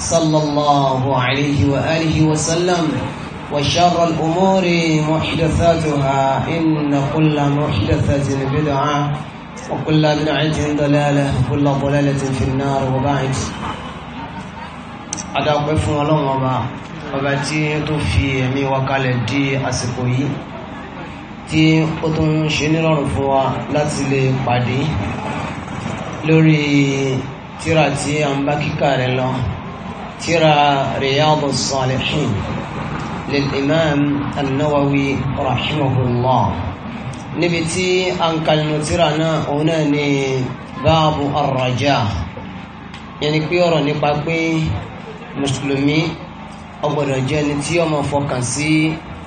صلى الله عليه وآله وسلم وشر الأمور محدثاتها إن كل محدثة بدعة وكل بدعة ضلالة وكل ضلالة في النار وبعد أدعوك فون الله وبا ọba توفي مي fi ẹ̀mí wa kalẹ̀ di àsìkò yìí tí ó tó ń ṣe كارلو ترى رياض الصالحين للإمام النووي رحمه الله نبتي أنقل نترنا هنا باب الرجاء يعني كيورو نبقى مسلمي ó gbọ́dọ̀ jẹ́ ẹni tí ọmọ fọkàn sí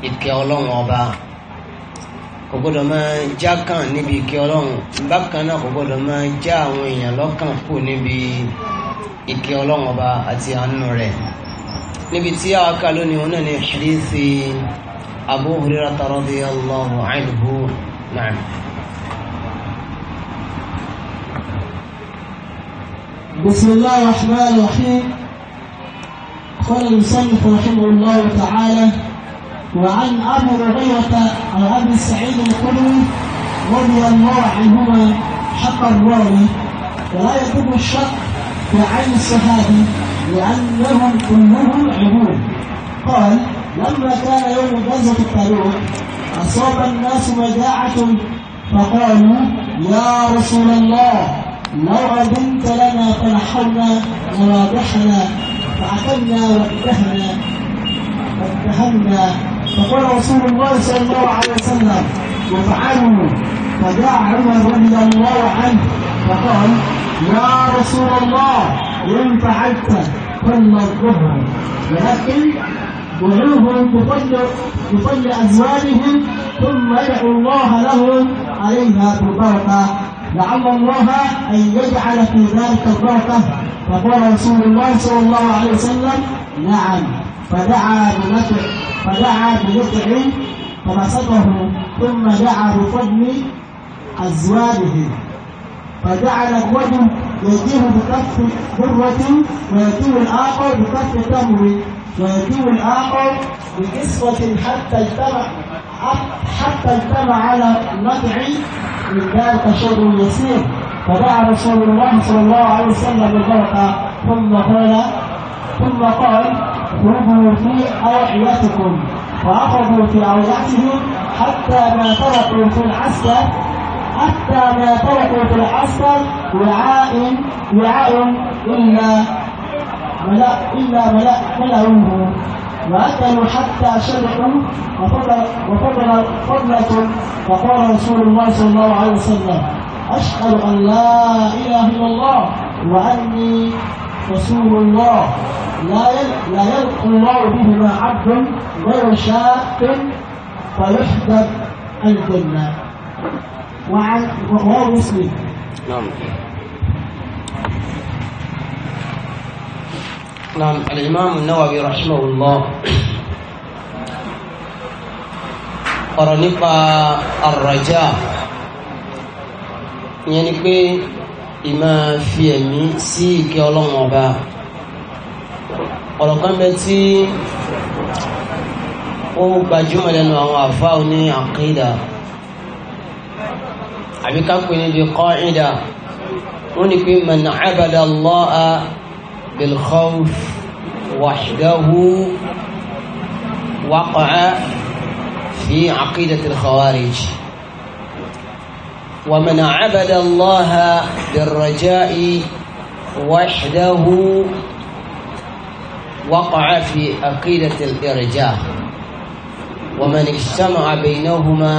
ìkẹ́ ọlọ́run ọba kò gbọ́dọ̀ máa já kàn níbi ìkẹ́ ọlọ́run bákan náà kò gbọ́dọ̀ máa já àwọn èèyàn lọ́kàn kù níbi ìkẹ́ ọlọ́run ọba àti àánú rẹ̀ níbi tí a kà lónìí òun náà ní hadithi Abu Hurairah radiyallahu anhu na'am. بسم الله الرحمن الرحيم قال المصنف رحمه الله تعالى وعن ابي هريره عن ابي سعيد الخدري رضي الله عنهما حق الراوي ولا يكون الشك كعين الصحابي لأنهم كلهم عبود قال لما كان يوم غزوة الطريق أصاب الناس مجاعة فقالوا يا رسول الله لو أذنت لنا فنحرنا مراجحنا فعقلنا وانتهنا وانتهنا فقال رسول الله صلى الله عليه وسلم وفعلوا فجاء عمر رضي الله عنه فقال يا رسول الله إن فعلت طلقوهم ولكن دعوهم تطلق تطلق أزواجهم ثم ادعوا الله لهم عليها بالبركة لعل الله أن يجعل في ذلك البركة فقال رسول الله صلى الله عليه وسلم نعم فدعا بنفع فدعا بنفع فبسطه ثم دعا بفضل أزواجه فجعل الرجل يأتيه بكف ذرة ويأتيه الآخر بكف تمر ويأتيه الآخر بقصة حتى اجتمع حتى اجتمع على نطع من ذلك شر يسير فدعا رسول الله صلى الله عليه وسلم بالبركة ثم قال ثم قال خذوا في أوعيتكم فأخذوا في أوعيتهم حتى ما تركوا في العسكر حتى ما تركوا في الحصر وعاء وعاء إلا ملأ إلا ملأ ملأوه وأكلوا حتى شبعوا وفضل وفضل فضلة فقال رسول الله صلى الله عليه وسلم أشهد أن لا إله إلا الله وأني رسول الله لا يل... لا يلقى الله بهما عبد غير شاق فيحدث الجنة وهو مسلم نعم نعم الإمام النووي رحمه الله ọ̀rọ̀ nípa àrọ̀jà ìyẹn ni pé ìmọ̀ fi ẹ̀mí sí ìkẹ́ ọlọ́run ọba ọ̀rọ̀ kan bẹ tí ó gbajúmọ̀ lẹ́nu àwọn àfáà oní àkídà àbí ká pè ní bí qaida wọ́n ní pé man abada Allaha bil khawf wahdahu waqa'a fi aqidati al khawarij wa man abada Allaha bir raja'i وحده وقع في عقيدة الإرجاء ومن اجتمع بينهما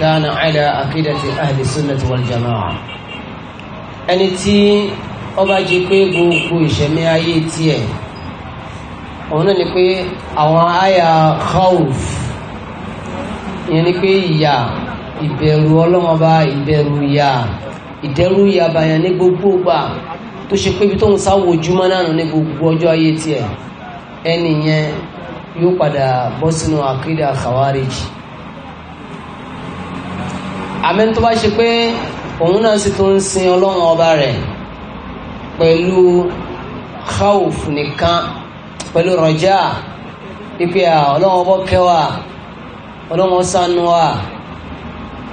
كان على عقيدة أهل السنة والجماعة ẹni tí ọba jí pé gbogbo ìṣẹ̀mí ayé tiẹ̀ òun náà ni pé àwọn àyà khawf ìyẹn ni pé ìyà ìbẹ̀rù ọlọ́mọba ìbẹ̀rù ìyà ìdẹ́rù ìyà bàyàn ní gbogbo gbà tó ṣe pé ibi tóun sáwọ ojúmọ́ náà ní gbogbo ọjọ́ ayé tiẹ̀ ẹni yẹn yóò padà bọ́ sínú àkídà khawarij àmín tó bá ṣe pé òun náà sì tún ń sin ọlọ́run ọba rẹ̀ pẹ̀lú khawf nìkan pẹ̀lú rọjá pípé à ọlọ́run ọbọ̀ kẹwàá ọlọ́run sánú wa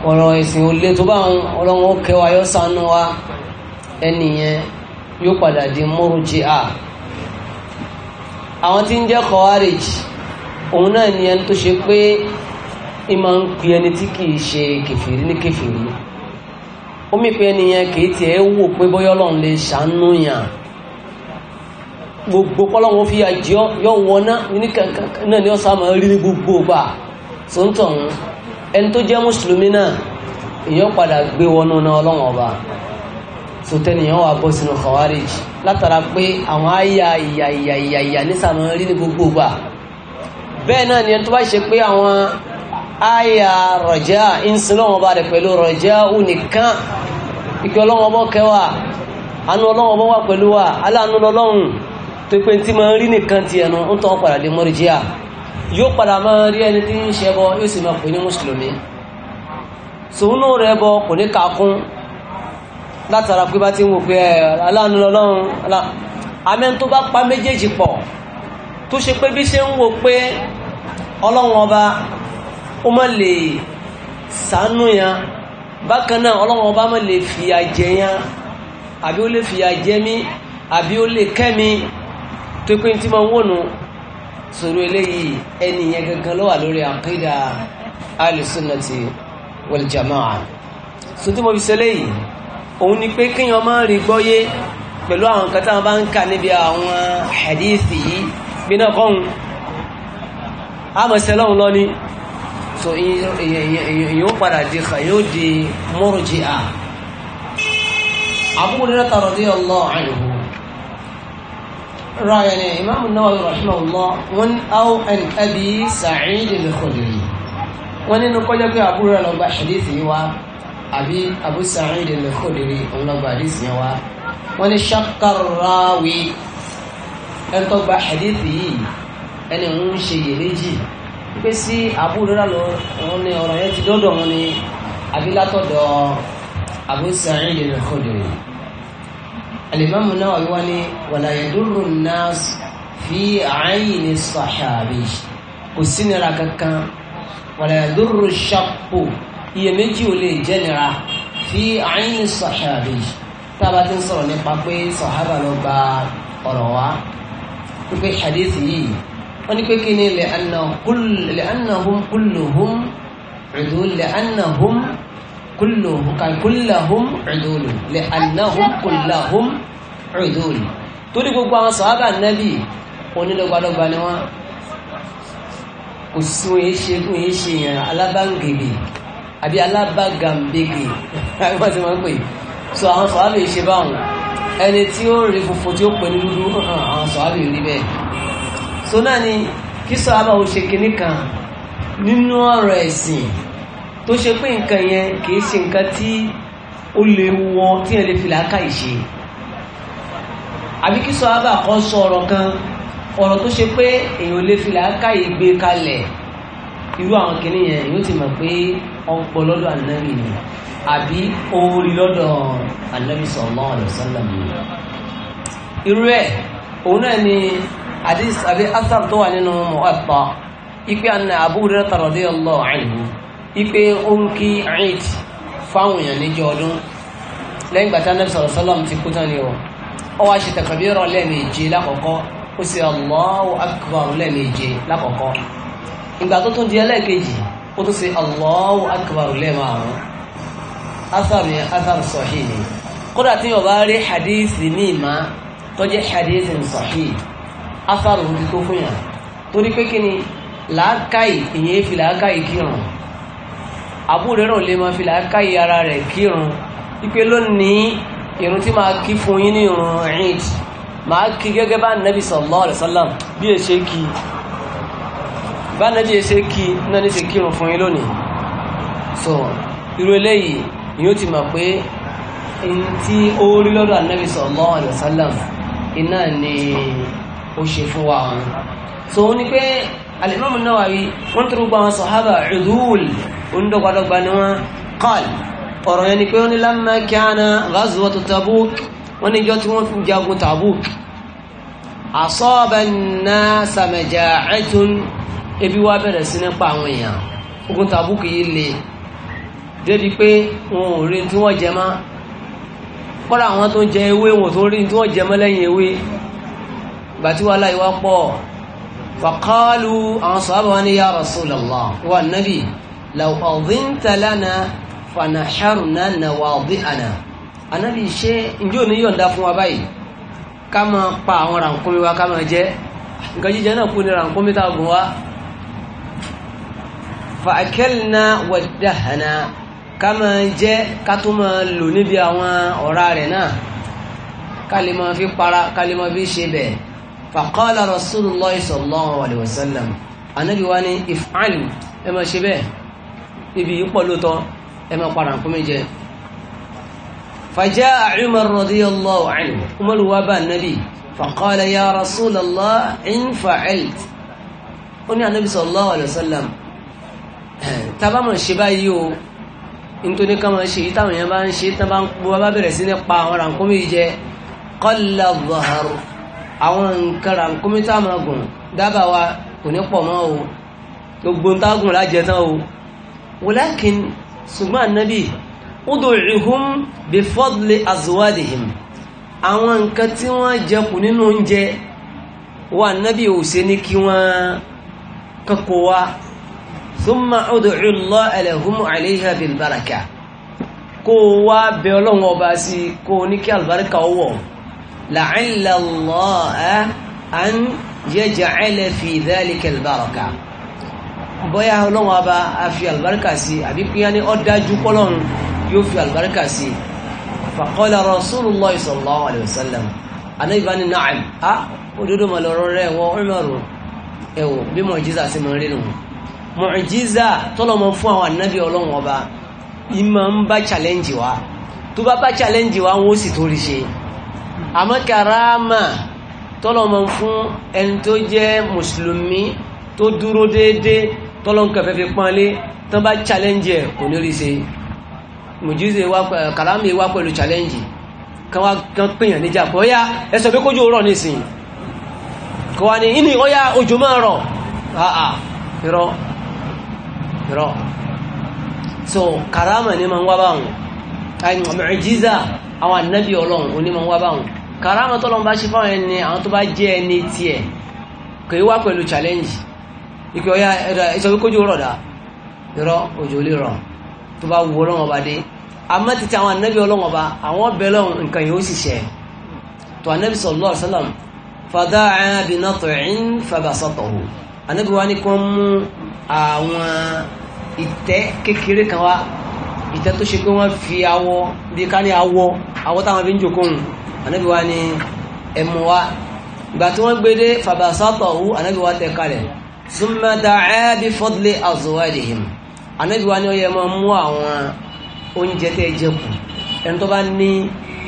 ọ̀rọ̀ ìsìn olè tó bá ń ọlọ́run ó yọ sánú wa ẹnìyẹn yóò padà di mọ́rùjì à àwọn tí ń jẹ́ kọ́wárìjì òun náà ni ẹni tó ṣe pé ìmọ̀ ń pe ẹni tí kìí ṣe kẹfìrí ní kẹfìrí ó mì pé ẹni yẹn kìí tiẹ̀ wò pé bọ́yọ́ lọ́n lè ṣàánú yàn gbogbo kọ́lọ́wọ́ fi àjọ yọ wọná ní kankan náà ni ó sá máa rí ní gbogbo gbà tó ń tọ̀hún ẹni tó jẹ́ mùsùlùmí náà èèyàn padà gbé wọnú náà ọlọ́wọ́n ọba tó tẹ́nìyàn wà bọ́ sínú khawarij látara pé àwọn àyà ìyà ìyà ìyà ìyà nísàmọ́ rí ní gbogbo gbà bẹ́ẹ̀ náà ni ẹni tó bá ṣe pé àwọn àyà rọ̀já ìsìnlọ́wọ́n bá rẹ̀ pẹ̀lú rọ̀já nìkan ìkẹ́ ọlọ́wọ́n bọ́ kẹwàá anú ọlọ́wọ́n bọ́ wà pẹ̀lú wa aláàánú lọ́lọ́run tó pé tí ma ń rí nìkan ti ẹnu ń tọ́ padà lè mọ́rìjíà yóò padà máa rí ẹni tí ń ṣẹbọ yóò sì máa pè ní mùsùlùmí sòúnú rẹ̀ bọ kò ní kakún látara pé bá ti ń wò pé aláàánú lọ́lọ́run amẹ́ni tó bá pa méjèèjì pọ̀ tó ṣe pé bí ṣe ń wò pé ọlọ́run ọba ó má lè sànú yan bákan náà ọlọ́run ọba má lè fìyà jẹ yan àbí ó lè fìyà jẹ mí àbí ó lè kẹ́ mi tó pé tí máa ń wònú sọ̀rọ̀ eléyìí ẹni yẹn gangan ló wà lórí àkídà alìsúnnàtì wal jamaa tí mo fi ṣe léyìí òun ni pé kíyàn máa rí gbọ́yé pẹ̀lú àwọn kan táwọn bá ń kà níbi àwọn hadithi yìí bí náà kọ́hun àmọ̀sẹ̀ lọ́hun lọ ni so èyàn ó padà di kà yóò di murji'a Abu Hurairah radiyallahu anhu راينا يعني إمام النووي رحمه الله ون أو عن أبي سعيد الخدري ون نقول لك أبو رلبا حديثي و أبي أبو سعيد الخدري ولبا حديثي و ون شق الراوي أنت حديثي أنا أنشي لجي pé sí àbúrò lọ òun ni ọ̀rọ̀ yẹn ti dọ́dọ̀ wọn ni abilátọ̀dọ̀ Abu Sa'id al-Khudri alimami náà wíwá ni wala yadurru an-nas fi ayni as-sahabi kò sí nira kankan wala yadurru iyèméjì ò lè jẹ́ nira fi ayni as-sahabi tába ti ń sọ̀rọ̀ nípa pé sàhábà ló gba ọ̀rọ̀ wa pípé hadith yìí wọ́n ní pé kí ni lẹ́ànàhùn kúlùhùn ẹ̀dùn lẹ́ànàhùn kúlùhùn ẹ̀dùn lẹ́ànàhùn kúlùhùn ẹ̀dùn torí gbogbo àwọn sọ̀hábà nẹ́bì onílọ́gbàlọ́gbà ni wọ́n kò sí wọn yé ṣe fún yé ṣe yẹn alábàǹgèrè àbí alábàgàǹbègè àwọn tí wọ́n pè so àwọn sọ̀hábà ẹni tí ó rí funfun tí ó pè àwọn sọ̀hábà yìí so náà ni kí sọ́hábà ó ṣe kinní kan nínú ọ̀rọ̀ ẹ̀sìn tó ṣe pé nǹkan yẹn kìí ṣe nǹkan tí ó lè wọ tí yẹn lè fi làákà ìṣe àbí kí sọ́hábà kan sọ ọ̀rọ̀ kan ọ̀rọ̀ tó ṣe pé èèyàn lè fi làákà ìgbé kalẹ̀ irú àwọn kinní yẹn yóò ti mọ̀ pé ọ̀pọ̀ lọ́dọ̀ ànábì ni àbí orí lọ́dọ̀ ànábì sallallahu alaihi wasallam irú ẹ̀ òun náà ni hadith àbí asar tó wà nínú Muwatta ipe anna Abu Hurairah allah anhu ipe ó eid fáwọn èèyàn níjọ ọdún lẹ́yìn ìgbà tí Ànábì sallallahu ti kú tán ni o ó wá ṣe takbira ó sì Allahu akbar ìgbà tó tún di ó tún Allahu akbar asar asar ni kódà tí yóò bá rí hadith tó hadith asàrò ti tó fún yàn torí pé kí ni làákàyè èyàn fi làákàyè kírun àbúrò rẹ̀ lè máa fi làákàyè ara rẹ̀ kírun ipe lónìí irun tí máa kí fún yín ní irun Eid máa kí gẹ́gẹ́ bá nàbì sallallahu alaihi wasallam bí ẹ ṣe kí bá nàbì ẹ ṣe kí náà ní ṣe kírun fún yín lónìí so irú eléyìí yóò ti mọ̀ pé n tí ó lọ́dọ̀ ànábì sallallahu alaihi wasallam iná ni ó ṣe fún wa ọ̀hún so ó ní pé al-Imam an-Nawawi wọ́n tó gbogbo àwọn sọ̀hábà udul onídọ́gbadọ́gba ni wọ́n qal ọ̀rọ̀ yẹn ni pé ó ní lamma kana ghazwatu Tabuk wọ́n ní ìjọ tí wọ́n fi jagun Tabuk asaba an-nasa maja'atun ebi wá bẹ̀rẹ̀ sí nípa àwọn èèyàn ogun Tabuk yìí le débi pé wọn ò rí tí wọ́n jẹ mọ́ kọ́ra àwọn tó ń jẹ ewé wọn tó rí tí wọ́n jẹ mọ́ lẹ́yìn ewé gbàtí wà láì wá pọ̀ fàkálù àwọn sọ́bà wọn ni ya Rasulullah wà nábì law adhinta lana fanahharna nawadi'ana anábì ṣe ǹjẹ́ òní yọ̀ǹda fún wa báyìí ká máa pa àwọn rànkúnmí wa ká máa jẹ nǹkan jíjẹ náà kú ni rànkúnmí tá gùn wa fàkẹ́lìna wàdáhàna ká máa jẹ ká tó máa lò níbi àwọn ọ̀rá rẹ̀ náà ká lè fi para ká lè fi ṣe bẹ́ẹ̀ fàkọ́lá rasulullah sallallahu alaihi wasallam anábi wá ní if'alu ẹ máa ṣe bẹ́ẹ̀ ibi ìpọ̀ lótọ́ ẹ máa para nǹkan méje fàjá umar radiyallahu anhu umar wá bá nábi fàkọ́lá ya rasulallah in fa'alt ó ní anábi sallallahu alaihi wasallam tàbá mọ̀ ṣe báyìí o nítorí ká máa ṣe yìí táwọn èèyàn bá ń ṣe tán bá ń bọ́ bá bẹ̀rẹ̀ sí ní pa àwọn ràǹkómi jẹ qalla dhahru àwọn nǹkan rànkúmí tá a máa gùn dábàá wa kò ní pọ̀ mọ́ o gbogbo ń tágùn lájẹ tán o walakin ṣùgbọ́n ànábì ud'uhum bi fadli azwadihim àwọn nǹkan tí wọ́n jẹkù nínú oúnjẹ wa ànábì ò ṣe ní kí wọ́n kankó wa thumma ud'u Allah lahum 'alayha bil baraka kó wa bẹ ọlọ́run ọba sí kó ní kí àlùbáríkà ọwọ́ la'alla Allah an yaj'ala fi dhalika al-baraka bóyá ọlọ́run ọba a fi àlùbáríkà sí àbí pínyà ní ó dájú pọ́lọ́run yóò fi àlùbáríkà sí faqala rasulullah sallallahu alayhi wa sallam anáyíbá ní na'am a ah, òdodo mà lọ́rọ́ rẹ̀ wọ́n ọmọrù ẹ̀wọ̀ bí mọ̀jíza sí mọ̀ rínú mọ̀jíza tọ́lọ́mọ fún àwọn ànábì ọlọ́run ọba ìmọ̀ ń bá challenge wa tó bá bá challenge wa wọ́n sì torí ṣe àmọ́ karama tọ́lọ́mọ fún ẹni tó jẹ́ mùsùlùmí tó dúró déédé tọ́lọ́mọ fi pọ́nlé tó bá challenge ẹ̀ kò ní rí ṣe mùjíṣe karama wá pẹ̀lú challenge kan wá kan pèèyàn níjà pé ọyá ẹsọ pé kójú rọ̀ nísìn kò wá ní ìní ọyá òjò máa rọ̀ àà irọ́ irọ́ so karama ni máa ń wá báwọn àìmọ̀jíza àwọn ànábì ọlọ́run onímọ̀ ń wá báwọn karama tó lọ́n bá ṣe fáwọn ẹni àwọn tó bá jẹ́ ẹni tiẹ̀ kò wá pẹ̀lú challenge ike ọ̀ya ẹ̀dà ìṣọ́ pé kójú rọ̀ dá irọ́ òjò lè rọ̀ tó bá wù ọlọ́wọ́n ọba dé àmọ́ títí àwọn anábì ọlọ́wọ́n ọba àwọn ọbẹ̀ lọ́wọ́n nǹkan yìí ó sì ṣe tó anábì sallallahu alaihi wasallam fàdá àbínà tọ̀ín fàbàsọ̀tọ̀hù anábì wa ní kí wọ́n mú àwọn ìtẹ́ kékeré kan wá ìtẹ́ tó ṣe pé wọ́n fi awọ bí ká ní awọ awọ táwọn fi ń jòkóhùn anabi wa ni ẹmu wa ìgbà tí wọ́n gbé dé fabasatahu anabi wa tẹ̀ kalẹ̀ summa da'a bi fadli azwadihim anabi wa ni ó yẹ máa mú àwọn oúnjẹ tẹ́ jẹ kù ẹni tó bá ní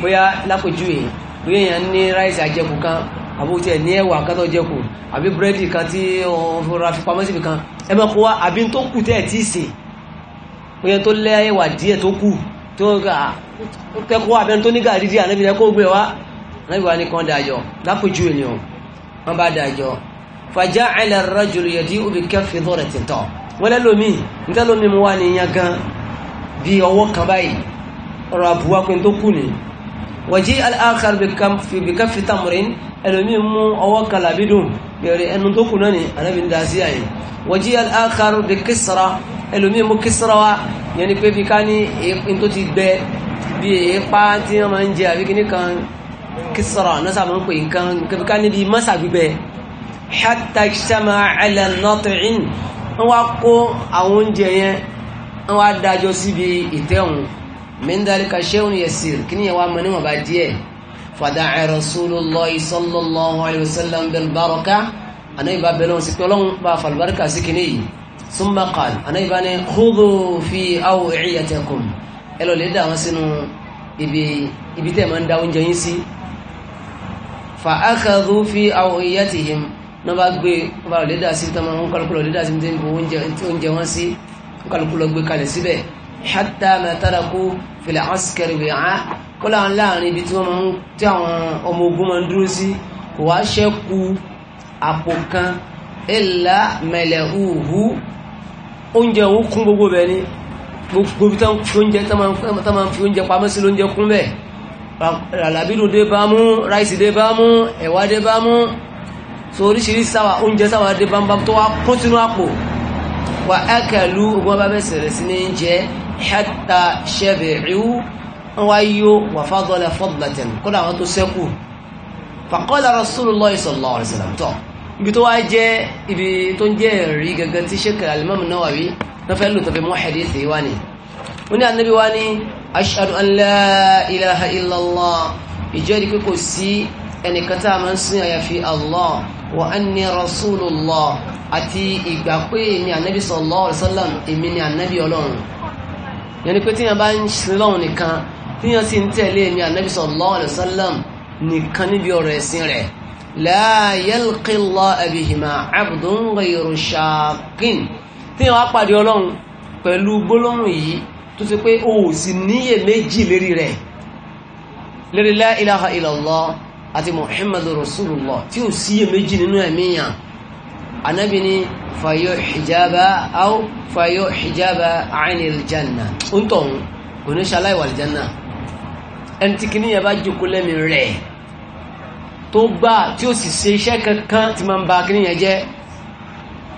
bóyá lápèjúwe bóyá èèyàn ní ráìsì àjẹkù kan àbò tí ẹ ní ẹwà kátó jẹkù àbí búrẹ́dì kan tí ọ̀hún fúnra fi pamọ́ síbi kan ẹ máa kó wa àbí tó kù tẹ́ ẹ̀ tí sè bóyá tó lẹ́ ẹwà díẹ̀ tó kù tó kẹ́kọ̀ọ́ abẹ́ni tó ní gàrí díà níbi ẹ̀kọ́ gbé wá níbi wá ní kan dájọ́ lápòjú ènìyàn wọ́n bá dájọ́ fàjá àìlẹ̀ rajulu yẹ̀dí òbí kẹfì lọ́rẹ̀ ti tọ̀ wọ́n lẹ́lómi nítẹ́lómi mu wá ní yan gan bí ọwọ́ kan báyìí ọ̀rọ̀ àbúwá pé tó kù ní wọ̀jí al-akhar bí kẹfì tamurin ẹlòmí mú ọwọ́ kan làbídùn bẹ̀rẹ̀ ẹnu tó kù náà ni anábì ń àyè wọ̀jí al-akhar bí ẹlòmí mú kisra wa yẹn ni pé bí ká ní èyí tó ti gbẹ bí èépá tí wọ́n máa ń jẹ àbí kíní kan kísọ̀rọ̀ nọ́sà máa ń pè nǹkan kíkà níbi mọ́sà gbígbẹ hatta ijtama ala nat'in wọ́n wá kó àwọn oúnjẹ yẹn wọ́n wá dájọ́ síbi ìtẹ́hùn min dhalika shay'un yasir kíní yẹn wá mọ níwọ̀n bá díẹ̀ fada'a rasulullahi sallallahu alayhi wa sallam bil baraka anayi ba bẹ̀rẹ̀ wọn sí pé ọlọ́run bá falbarka sí kíní yìí summa qala anayi ba ní khudhu fi aw'iyatikum ẹ lọ lè dà wọn sínú ibi ibi tẹ́ máa ń da oúnjẹ yín sí fa akhadhu fi awiyatihim náà bá gbé ọba lọ lè dà sí tọmọ wọn kálukú lọ lè dà sí tẹ́ níbo oúnjẹ wọn sí kálukú lọ gbé kalẹ̀ síbẹ̀ hatta ma taraku fil askari bi'a kó láwọn láàrin ibi tí wọ́n máa ń tí àwọn ọmọ ogun máa ń dúró sí kò wá ṣẹ́kù àpò kan illa mala'uhu oúnjẹ òun kún gbogbo bẹ́ẹ̀ ni gbogbo bí táwọn fi oúnjẹ táwọn fi oúnjẹ pamọ́ sí bamu, kún bẹ́ẹ̀ bamu, dé bá mú ráìsì dé bá mú ẹ̀wà dé bá mú so oríṣiríṣi sáwà oúnjẹ sáwà dé bámbám tó wá kún sínú àpò wà ogun bá bẹ́ẹ̀ sẹ̀rẹ̀ sí ní jẹ́ hatta shabi'u wa yó wa fadala fadlatan kuna àwọn tó sẹ́kù faqala rasulullahi sallallahu alaihi wasallam tọ́ ibi tó wá jẹ́ ibi tó ń jẹ́ rí gẹ́gẹ́ tí Sheikh al Nawawi tó fẹ́ lò tó fi mú hadith wá ní wọ́n ní anábí wá ní ashhadu an la ilaha illallah ìjẹ́rìí pé kò sí ẹnìkan tá a máa ń sìn àyàfi allah wa anni rasulullah àti ìgbà pé èmi anábí sallallahu alaihi wasallam èmi ni anábí ọlọ́run yẹn ni pé tíyan bá ń sin lọ́run nìkan tíyan sì tí wọ́n á pàdé ọlọ́run pẹ̀lú gbólóhùn yìí tó ṣe pé o ò sì níyè méjì lérí rẹ̀ lérí la ilaha illallah àti muhammadu rasulullah tí ò síyè méjì nínú ẹ̀mí yàn anabi ni hijaba aw fayo hijaba anil janna ń tọ̀hún kò ní ṣaláì wà ẹni tí kìnìyàn bá jókòó lẹ́mìí rẹ̀ tó gbà tí ó sì ṣe iṣẹ́ kankan tí máa ń ba kìnìyàn jẹ́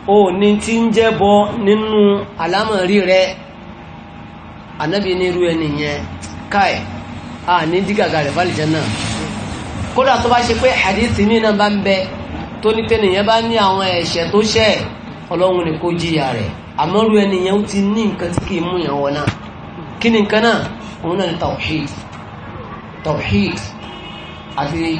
o ní tí ń bọ nínú àlámọ̀rí rẹ anábì ní ẹni yẹn a ní dígàgà rẹ̀ fàlìjẹ́ náà kódà tó bá ṣe pé hadith mi náà bá ń bẹ tó ní tẹ́nì yẹn bá ní àwọn ẹ̀ṣẹ̀ tó ṣẹ̀ ọlọ́run ní kó jìyà rẹ̀ àmọ́ ti ní nǹkan tí kì í mú wọ náà kí ni nǹkan náà òun náà ni tawhid tawhid àti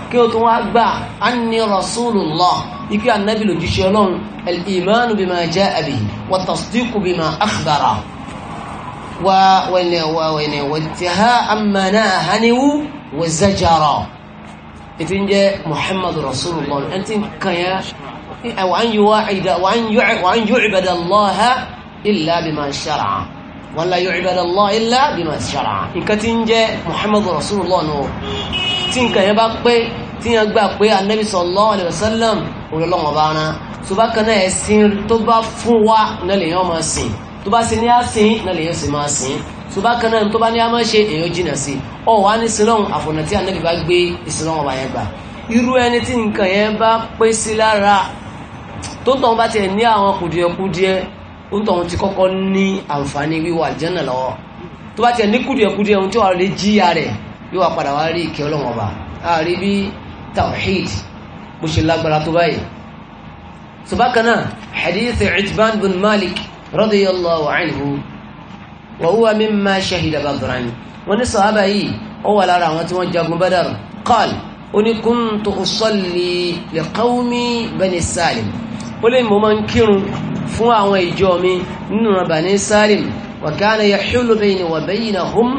kí o tún wá gbà anni rasulullah ike ló jíṣẹ́ olorun ọlọ́run al-imanu bima jaa bihi wa tasdiqu bima akhbara wa wẹ̀nẹ̀ wa wẹ̀nẹ̀ wa intiha amma nahanihu wa zajara ètí ń jẹ́ muhammadu rasulullah ẹni tí kàn yá wa an yu'bada allah illa bima shara'a wala yu'badallahi illa bima shara'a nǹkan tí ń jẹ́ muhammadu rasulullah nù tí nǹkan yẹn bá pé tí yẹn gbà pé anabi sallallahu alayhi wa sallam olólọ́wọ́n bá rán tó bá kan náà ẹ̀sìn tó bá fún wa náà lè yàn máa sìn tó bá sì ní àsìn náà lè yàn sì máa sìn tó bá kan náà tó bá ní a máa ṣe èèyàn jìnà sí ọ wà ní sinọ́hùn àfọ̀nà tí anabi bá gbé ìsinọ́hùn ń tọ̀hún ti kọ́kọ́ ní àǹfààní wíwọ àlìjẹ́nà lọ́wọ́ tó bá tiẹ̀ ní kùdìẹ̀kùdìẹ̀ ohun tí wàá lè jíya rẹ̀ yóò wá padà wá rí ìkẹ́ ọlọ́wọ́n ọba àárí bí tawhid bó ṣe lágbára tó báyìí subakana hadith itban bin malik radiyallahu anhu wa huwa mimma shahida badran wọn ní sahaba yìí ó wà lára àwọn tí wọ́n jagun badar qal ó ní kuntu usalli li ó lè mọ́ máa ń kírun fún àwọn ìjọ mi nínú Bani Salim wa kana yahulu bayni wa baynahum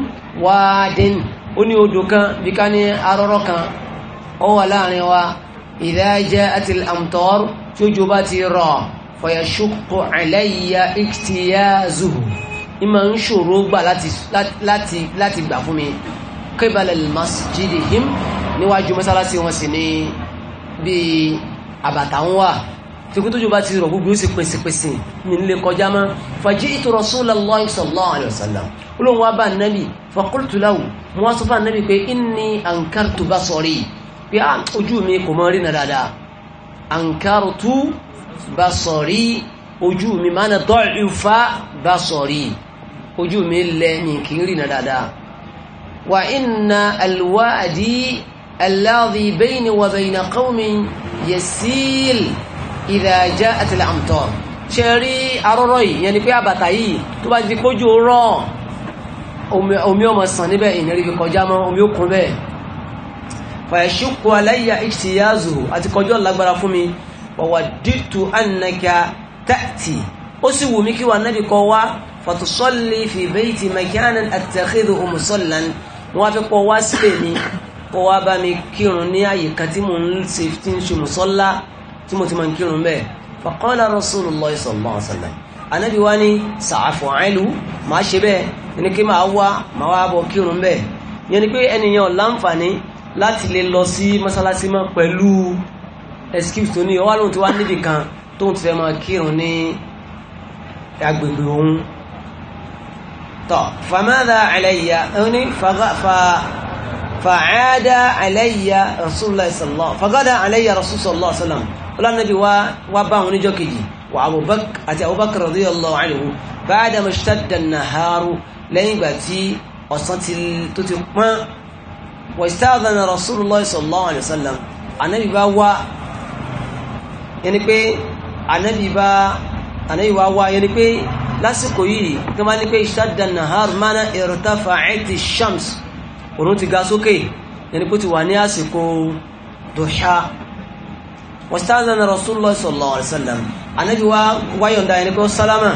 wadin ó ní odò kan bí ká ní arọ́rọ́ kan ó wà láàrin wa idha ja'atil amtar tí òjò bá ti rọ̀ fayashuqqu alayya iktiyazuhu ìmọ̀ ń ṣòro gbà láti gbà fún mi kébàlẹ̀ masjidihim níwájú mọ́sálásí wọn sì ní bí àbàtà ń wà tòkútòjò bá ti rọ̀ gbogbo ó sì pèsè pèsè ní ilé kọjá mọ́ fàjí ìtòrọ̀ Rasulullahi sallallahu alaihi wasallam olóhùn wa bá nàbì faqultu lahu wọn wá sọ fún ànábì pé inni ankartu basari pé ah, ojú mi kò mọ rí na dáadáa ankartu basari ojú mi máa na da'ifa basari ojú mi lẹ́yìn kì í rí na dáadáa wa inna alwadi alladhi bayni wa bayna qawmin yasil idha ja'at al-amtar ṣe rí arọ́rọ́ yìí yẹn ni pé àbàtà yìí tó bá di kójú rọ̀ omi ọmọ sàn níbẹ̀ ìnírí fi kọjá mọ́ omi òkun bẹ́ẹ̀ fàyẹ̀ṣùkú aláyà ìṣìyàzù àti kọjọ́ lágbára fún mi wàwà dìtù annaka ta'ti ó sì wù mí kí wà nábì kọ wá fàtúsọ́lì fi bayti makanan attakhidhu musallan fi kọ wá sílẹ̀ mi kọ wá bá mi kírun ní àyíká tí mo ń ṣe tí ń ṣe mùsọ́lá tí mo ti máa ń kírun bẹ́ẹ̀ faqala Rasulullahi sallallahu alaihi wasallam anabi wa ni sàáfù àìlú máa ṣe bẹ́ẹ̀ ẹni kí máa wá máa wá bọ̀ kírun bẹ́ẹ̀ yẹn ni pé ẹnìyàn láǹfààní láti lè lọ sí mọ́sálásí mọ́ pẹ̀lú excuse tó ní ọwá lóhun tí wá níbì kan tóhun ti fẹ́ máa kírun ní agbègbè òun tọ́ famáda àlẹ́yà ẹni fàáda àlẹ́yà rasulullah sallallahu fàgádà àlẹ́yà rasulullah ọlọ́nàbí wá bá àwọn oníjọ́ kejì wà àti Abubakar radiyallahu anhu ba'da mashtadda an-naharu lẹ́yìn ìgbà tí ọ̀sán tó ti pọ́n wa ista'dhana Rasulullah sallallahu alaihi wasallam ànábì bá wá yẹni pé ànábì bá ànábì wá wá yẹni pé lásìkò yìí tó bá ní pé ishtadda an-nahar mana irtafa'ati ash-shams òun ti ga sókè yẹni pé ti wà ní àsìkò duha wastazana rasulullah sallallahu alaihi wasallam anabi wa wáyọ̀ndà ẹni pé sálámà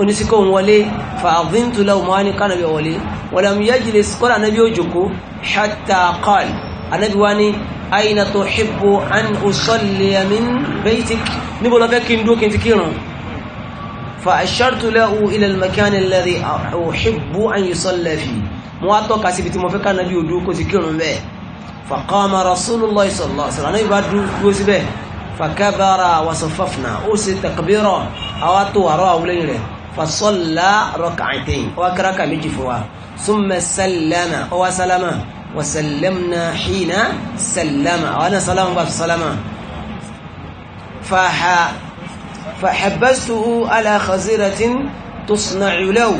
onísíkò ń wọlé fa'adhintu lahu mọ́ ní kánàbí wọlé walam yajlis kọ́lá anabi ó jòkó hatta qal anabi wa ni aina tuhibbu an usalli min baytik níbo lọ fẹ́ kí n dókin ti kírun fa ashartu lahu ila al-makan alladhi uhibbu an yusalli fi mo wá tọ́ka mo fẹ́ kánàbí ó dúró kó ti kírun fàkọ́mà rasulullah sallallahu alaihi wasallam ìbá dúró síbẹ̀ fàkẹ́bàrà wasafafna ó sì takbírọ̀ àwọn tó wà rọ́wà wúlẹ̀ rẹ̀ fasọ́lá rọ́kàtẹ́yìn ó wá kíráka méjì fún wa súnmẹ́ sallama ó wá sallama wa sallamna hina sallama àwọn náà sallama bá sallama fàḥabastuhu ala khaziratin tusna'u lahu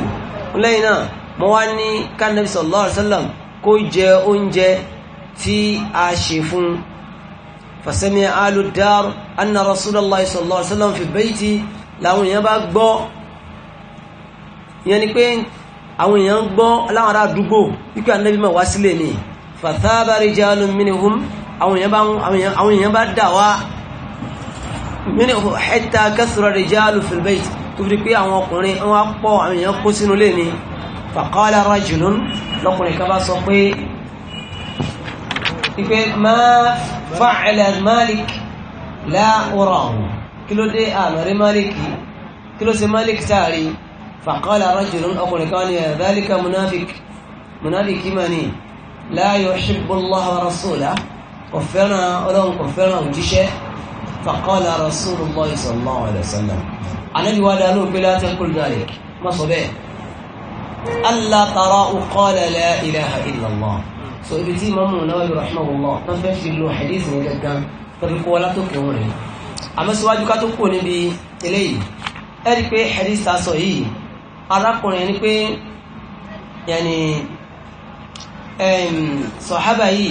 lẹ́yìn náà mo wá ní kánàbí sallallahu alaihi kó jẹ oúnjẹ tí a ṣe fún fasami aludar anna rasulallah sallallahu alaihi wasallam fi bayti làwọn èèyàn bá gbọ́ ìyẹn ni pé àwọn èèyàn gbọ́ láwọn ará àdúgbò wípé anábì máa wá sílẹ̀ ni fathaba rijalun minhum àwọn èèyàn bá dà wá minhum hatta kathura rijalu fil bayt tó fi pé àwọn ọkùnrin wọn pọ̀ àwọn èèyàn kó sínú lé ni faqala rajulun lọ́kùnrin kan bá sọ pé ìpé ma fa'ala malik láwọ́rọ̀ kí ló dé àmàrí ah, maliki kí ló ṣe malik tààrí faqala rajulun ọkùnrin kan ni dhalika munafik munafiki ma ni la yuhibbu Allah wa rasulahu kò fẹ́ràn ọlọ́run kò fẹ́ràn òjíṣẹ́ faqala rasulullahi sallallahu alaihi wasallam anábíwá dá ló pé láti kúrò náà rẹ̀ má sọ bẹ́ẹ̀ allah tara qala la ilaha illallah so ibi tí Imam Nawawi rahimahullah wọ́n fẹ́ fi lo hadith yẹn gangan pẹ̀lú kó wọlá tó kéwọ́n rẹ̀ àmọ́ síwájú ká tó kú níbi eléyìí ẹ rí i pé hadith ta sọ yìí arákùnrin ni pé yẹni sọ̀hábà yìí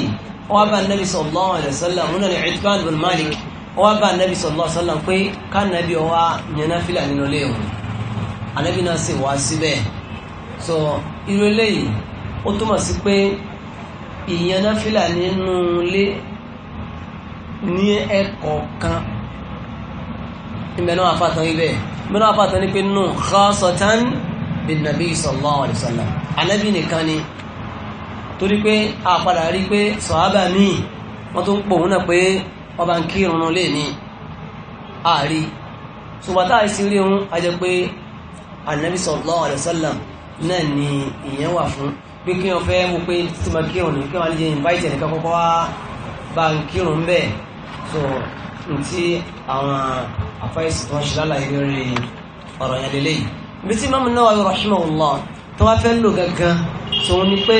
wọ́n bá nàbì sallallahu alaihi wasallam wọn náà ní Uthman bin Malik wọ́n bá nàbì sallallahu alaihi wasallam pé ká nàbì ọwá yẹn náà fìlà nínú ilé òun náà sì wá síbẹ̀ so irú eléyìí ó túmọ̀ sí pé èèyàn náfìlà nínú ilé ní ẹ̀kọ̀ọ̀kan ìmẹ̀nà àfàtàn ibẹ̀ ìmẹ̀nà àfàtàn ní pé nù khasatan bin nabi sallallahu alaihi wasallam anábì nìkan ni torí pé àpadà rí pé sọ̀hábà míì wọ́n tó ń pò wọ́n náà pé ọba ń kírun lè ní ààrí ṣùgbọ́n àìsí rí ohun a pé anábì sallallahu alaihi náà ni ìyẹn wà fún pé kí wọ́n fẹ́ mú pé tí ma kírun ní kí wọ́n lè invite ẹnìkan kọ́kọ́ wá bá ń kírun ń bẹ̀ so n tí àwọn àfáìsì tó ń ṣe lálàyé lórí ọ̀rọ̀ yẹn lélẹ̀ yìí bí tí Imam Nawawi rahimahullah tó wá fẹ́ lò gangan tó ń ní pé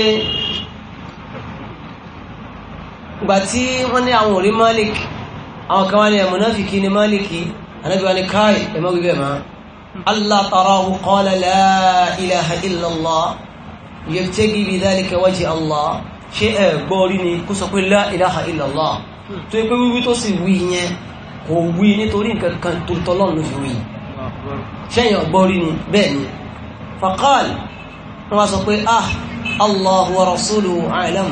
ìgbà tí wọ́n ní àwọn òrí Malik àwọn kan wá ní mùnáfìkí ní Maliki Ànábì wa ní káì ẹ̀mọ́ gbígbẹ̀ mọ́ Allah tarahu qala la ilaha illallah yabtagi bi dhalika wajhi Allah ṣé ẹ gbọ́ rí ni kó sọ pé la ilaha illallah tó yẹ pé wíwí tó sì wí yẹn kò wí nítorí nǹkan kan tó tọ́lọ́run ló fi wí ṣẹ́yìn ọgbọ́ rí ni bẹ́ẹ̀ ni faqal wọ́n sọ pé ah Allah wa rasuluhu a'lam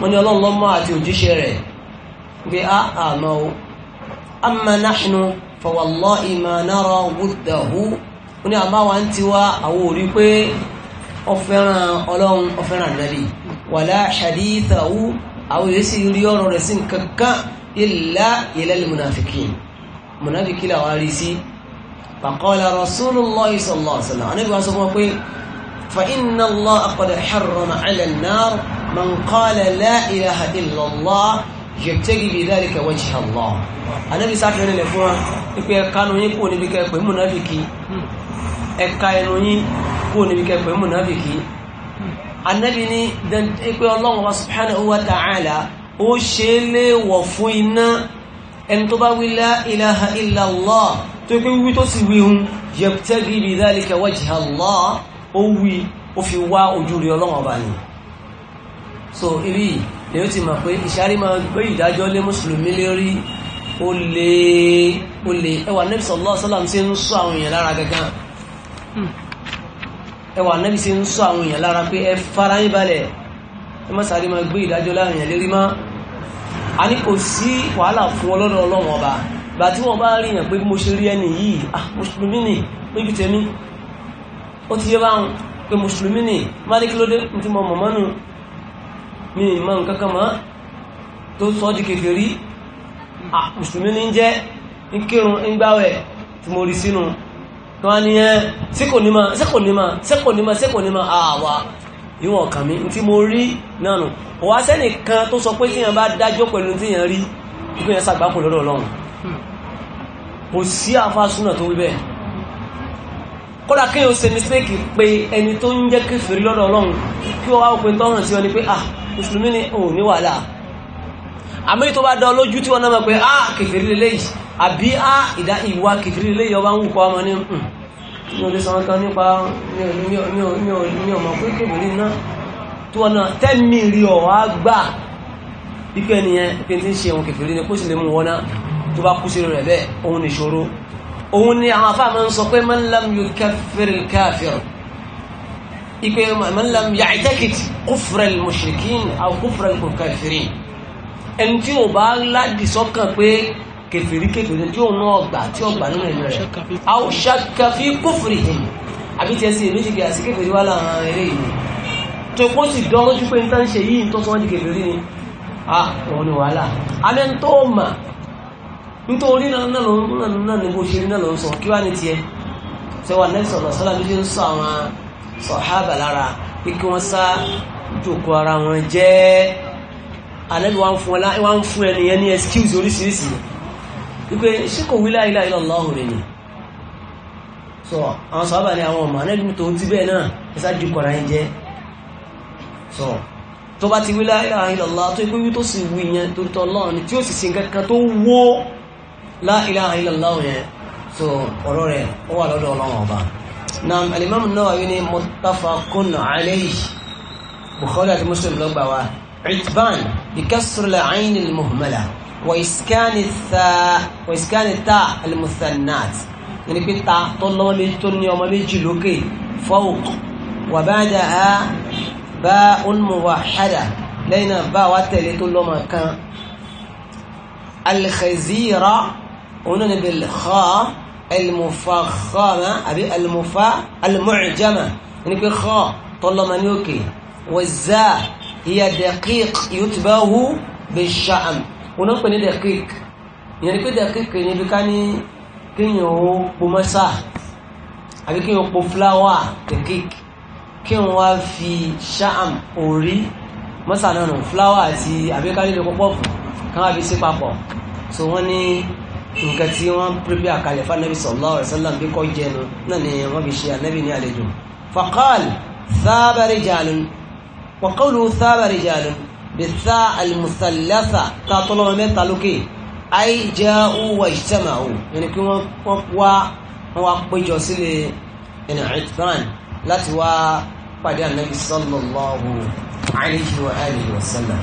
wọ́n ni ọlọ́run àti òjíṣẹ́ rẹ̀ bí a àmọ́ ọ̀fẹ́ràn ọlọ́run ọ̀fẹ́ràn nàbí wàlá hadithahu àwọn èyí sì rí ọ̀rọ̀ rẹ̀ sí nǹkankan illa ilal munafiqin munafiki làwọn rí sí faqala rasulullahi sallallahu alaihi wasallam anábì wa sọ fún wa pé fa inna allaha qad harrama ala an-nar man qala la ilaha illa allah yẹtẹ́gì bí dhalika wajha Allah anábi sáfẹ́ nílẹ̀ fún wa pípẹ́ ẹ̀ka ẹnu yín kò kúrò níbi kẹ́pẹ́ mùnáfìkì anábì ní pé ọlọ́run wa subhanahu wa ta'ala ó ṣe é léèwọ̀ fún iná ẹni tó bá wí la ilaha illallah tó pé wíwí tó sì wí hun yabtaghi bi dhalika wajha Allah ó wí ó fi so ibi ni ó ti mọ̀ pé ìṣàrí máa gbé ìdájọ́ lé mùsùlùmí lérí ó lè ó lè ẹwà Nabi sallallahu alaihi wasallam ń sọ àwọn èèyàn lára gangan ẹwà anábì sí ń sọ àwọn èèyàn lára pé ẹ fara yín balẹ̀ ẹ má sáré máa gbé ìdájọ́ láàrin èèyàn lérí mọ́ a ní kò sí wàhálà fún ọlọ́dọ̀ ọlọ́run ọba gbà tí wọ́n bá rí èèyàn pé mo ṣe rí ẹni yìí ah mùsùlùmí nì lójú tèmi ó ti yé báwọn pé mùsùlùmí nì má ní kí ló dé ní ti mọ mọ̀mọ́ nù mi ì mọ nǹkan kan mọ́ tó sọ di kékeré ah mùsùlùmí ní jẹ́ ń kírun ń gbáwẹ̀ tí mo rí sínú tó wá ní ẹ síkò ní máa síkò ní máa síkò ní máa síkò ní máa àwà ah, ìwọ̀n kàn mí tí mo rí náà nù ọ̀wá sẹ́nìkan tó sọ pé tíyàn bá dájọ́ pẹ̀lú tíyàn rí ikú yẹn sàgbákò lọ́dọ̀ ọlọ́run kò sí àfáàsúnà tó wí bẹ́ẹ̀ kí o ṣe mistake pé ẹni tó ń jẹ́ kéfèrí lọ́dọ̀ ọlọ́run kí wọ́n wá òpin tọ́rùn sí ọ ni pé ah mùsùlùmí ni òun ní àmì tó bá dán lójú tí wọ́n náà mọ̀ pé á ah, kèfèrí lélẹ́ yìí àbí á ah, ìdá ìwà kèfèrí lélẹ́ yìí ọba ń kọ́ ọmọ ní hmm, mi ò lè sọ nǹkan nípa mi ò mọ̀ pé kèfèrí náà tí wọ́n náà tẹ́mi rí ọ̀wá gbà pípẹ́ nìyẹn pé tí ń ṣe òun kèfèrí ni kó sì lè mú wọn náà tó bá kú ẹni tí ò bá ládì sọ́kàn pé kẹfìrí kẹfìrí tí òun náà gbà tí ó gbà nínú ìlú rẹ̀ àwọn ṣàkàfí kófìrí hìn àbí tiẹ̀ sí èmi ti gbé àti kẹfìrí wà láàrin eré yìí tó pọ́ sì dán lójú pé níta ń ṣe yìí tó sọ́wọ́n di kẹfìrí ni ah òun ni wàhálà alẹ́ ń tó mà nítorí náà náà náà ní bó ṣe rí náà ló ń sọ kí wá ní tiẹ̀ sẹ́wà nẹ́sọ̀ náà sọ́lá ló ṣe ń sọ àwọn sọ̀hábà lára pé kí wọ́n sá jòkó ara wọn jẹ́ alẹ́lú wa ń fún ẹlá wa ń fún ẹnìyẹn ní excuse oríṣiríṣi wípé ṣé kò wí láìlá ilá ọlọ́hùn rẹ̀ ni so àwọn sábà ní àwọn ọmọ alẹ́lú tó ti bẹ́ẹ̀ náà ẹ̀sá ju kọ̀ra yẹn jẹ́ so tó bá ti wí láìlá ilá ọlọ́hùn tó ikú tó sì wí yẹn tó tọ́ ọlọ́run tí ó sì sin kankan tó wó láìlá ilá ọlọ́hùn yẹn so ọ̀rọ̀ rẹ̀ ó wà lọ́dọ̀ ọlọ́run ọba عتبان بكسر العين المهملة وإسكان الثاء وإسكان التاء المثنات يعني طول ما ميتون يوم ميجي فوق وبعدها باء موحدة لين باء طول ما مكان الخزيرة هنا بالخاء المفخمة أبي المفا المعجمة يعني بالخاء ما منيوكي والزاء hiya daqiq yutbahu bisham wọn náà pè ní daqiq ìyẹn ni pé daqiq ní ibi ká ní kéèyàn ó po mọ́sà àbí kéèyàn ó po fúláwà daqiq kéèyàn wá fi sham orí mọ́sà náà nù fúláwà àti àbí ká nílò pọ́pọ́ fún káwọn àbí sí papọ̀ so wọ́n ní nǹkan tí wọ́n pèpè àkàlẹ̀ fanabi sallallahu alaihi wasallam bí kò jẹnu náà ni wọ́n fi ṣe ànábì ní àlejò faqal thaba rijalun وقوله ثاب رجال بالثاء المثلثة تطلب من تلوكي أي جاءوا واجتمعوا يعني كما قوى وقبجوا سلي يعني لا توا قد النبي صلى الله عليه وآله وسلم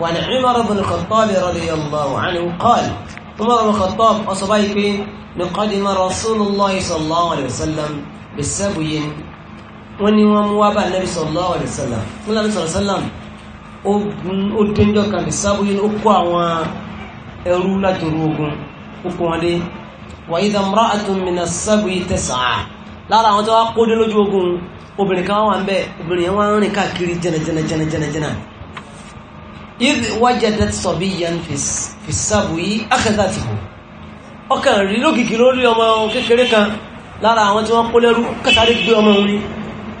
وعن عمر بن الخطاب رضي الله عنه قال عمر بن الخطاب أصبيك لقدم رسول الله صلى الله عليه وسلم بالسبي wọ́n ní wọ́n mú wábà nẹ́bí sallallahu alaihi wasallam fún lábí sallallahu alaihi wasallam ó dénjọ́ kan lè sábò yìí ó kó àwọn ẹrú látòrò ogun ó kó wọn dé wa idha imra'atun mina as-sab'i lára àwọn tó wá kó dé lójú ogun obìnrin kan wà ń bẹ obìnrin yẹn wá ń rìn káàkiri jẹnẹjẹnẹjẹnẹjẹnẹ idh wajadat sabiyyan fi sab'i akhadhathu ọkàn rí lókìkí lórí ọmọ kékeré kan lára àwọn tí wọ́n kó lẹ́rú kásáré gbé ọmọ òun ni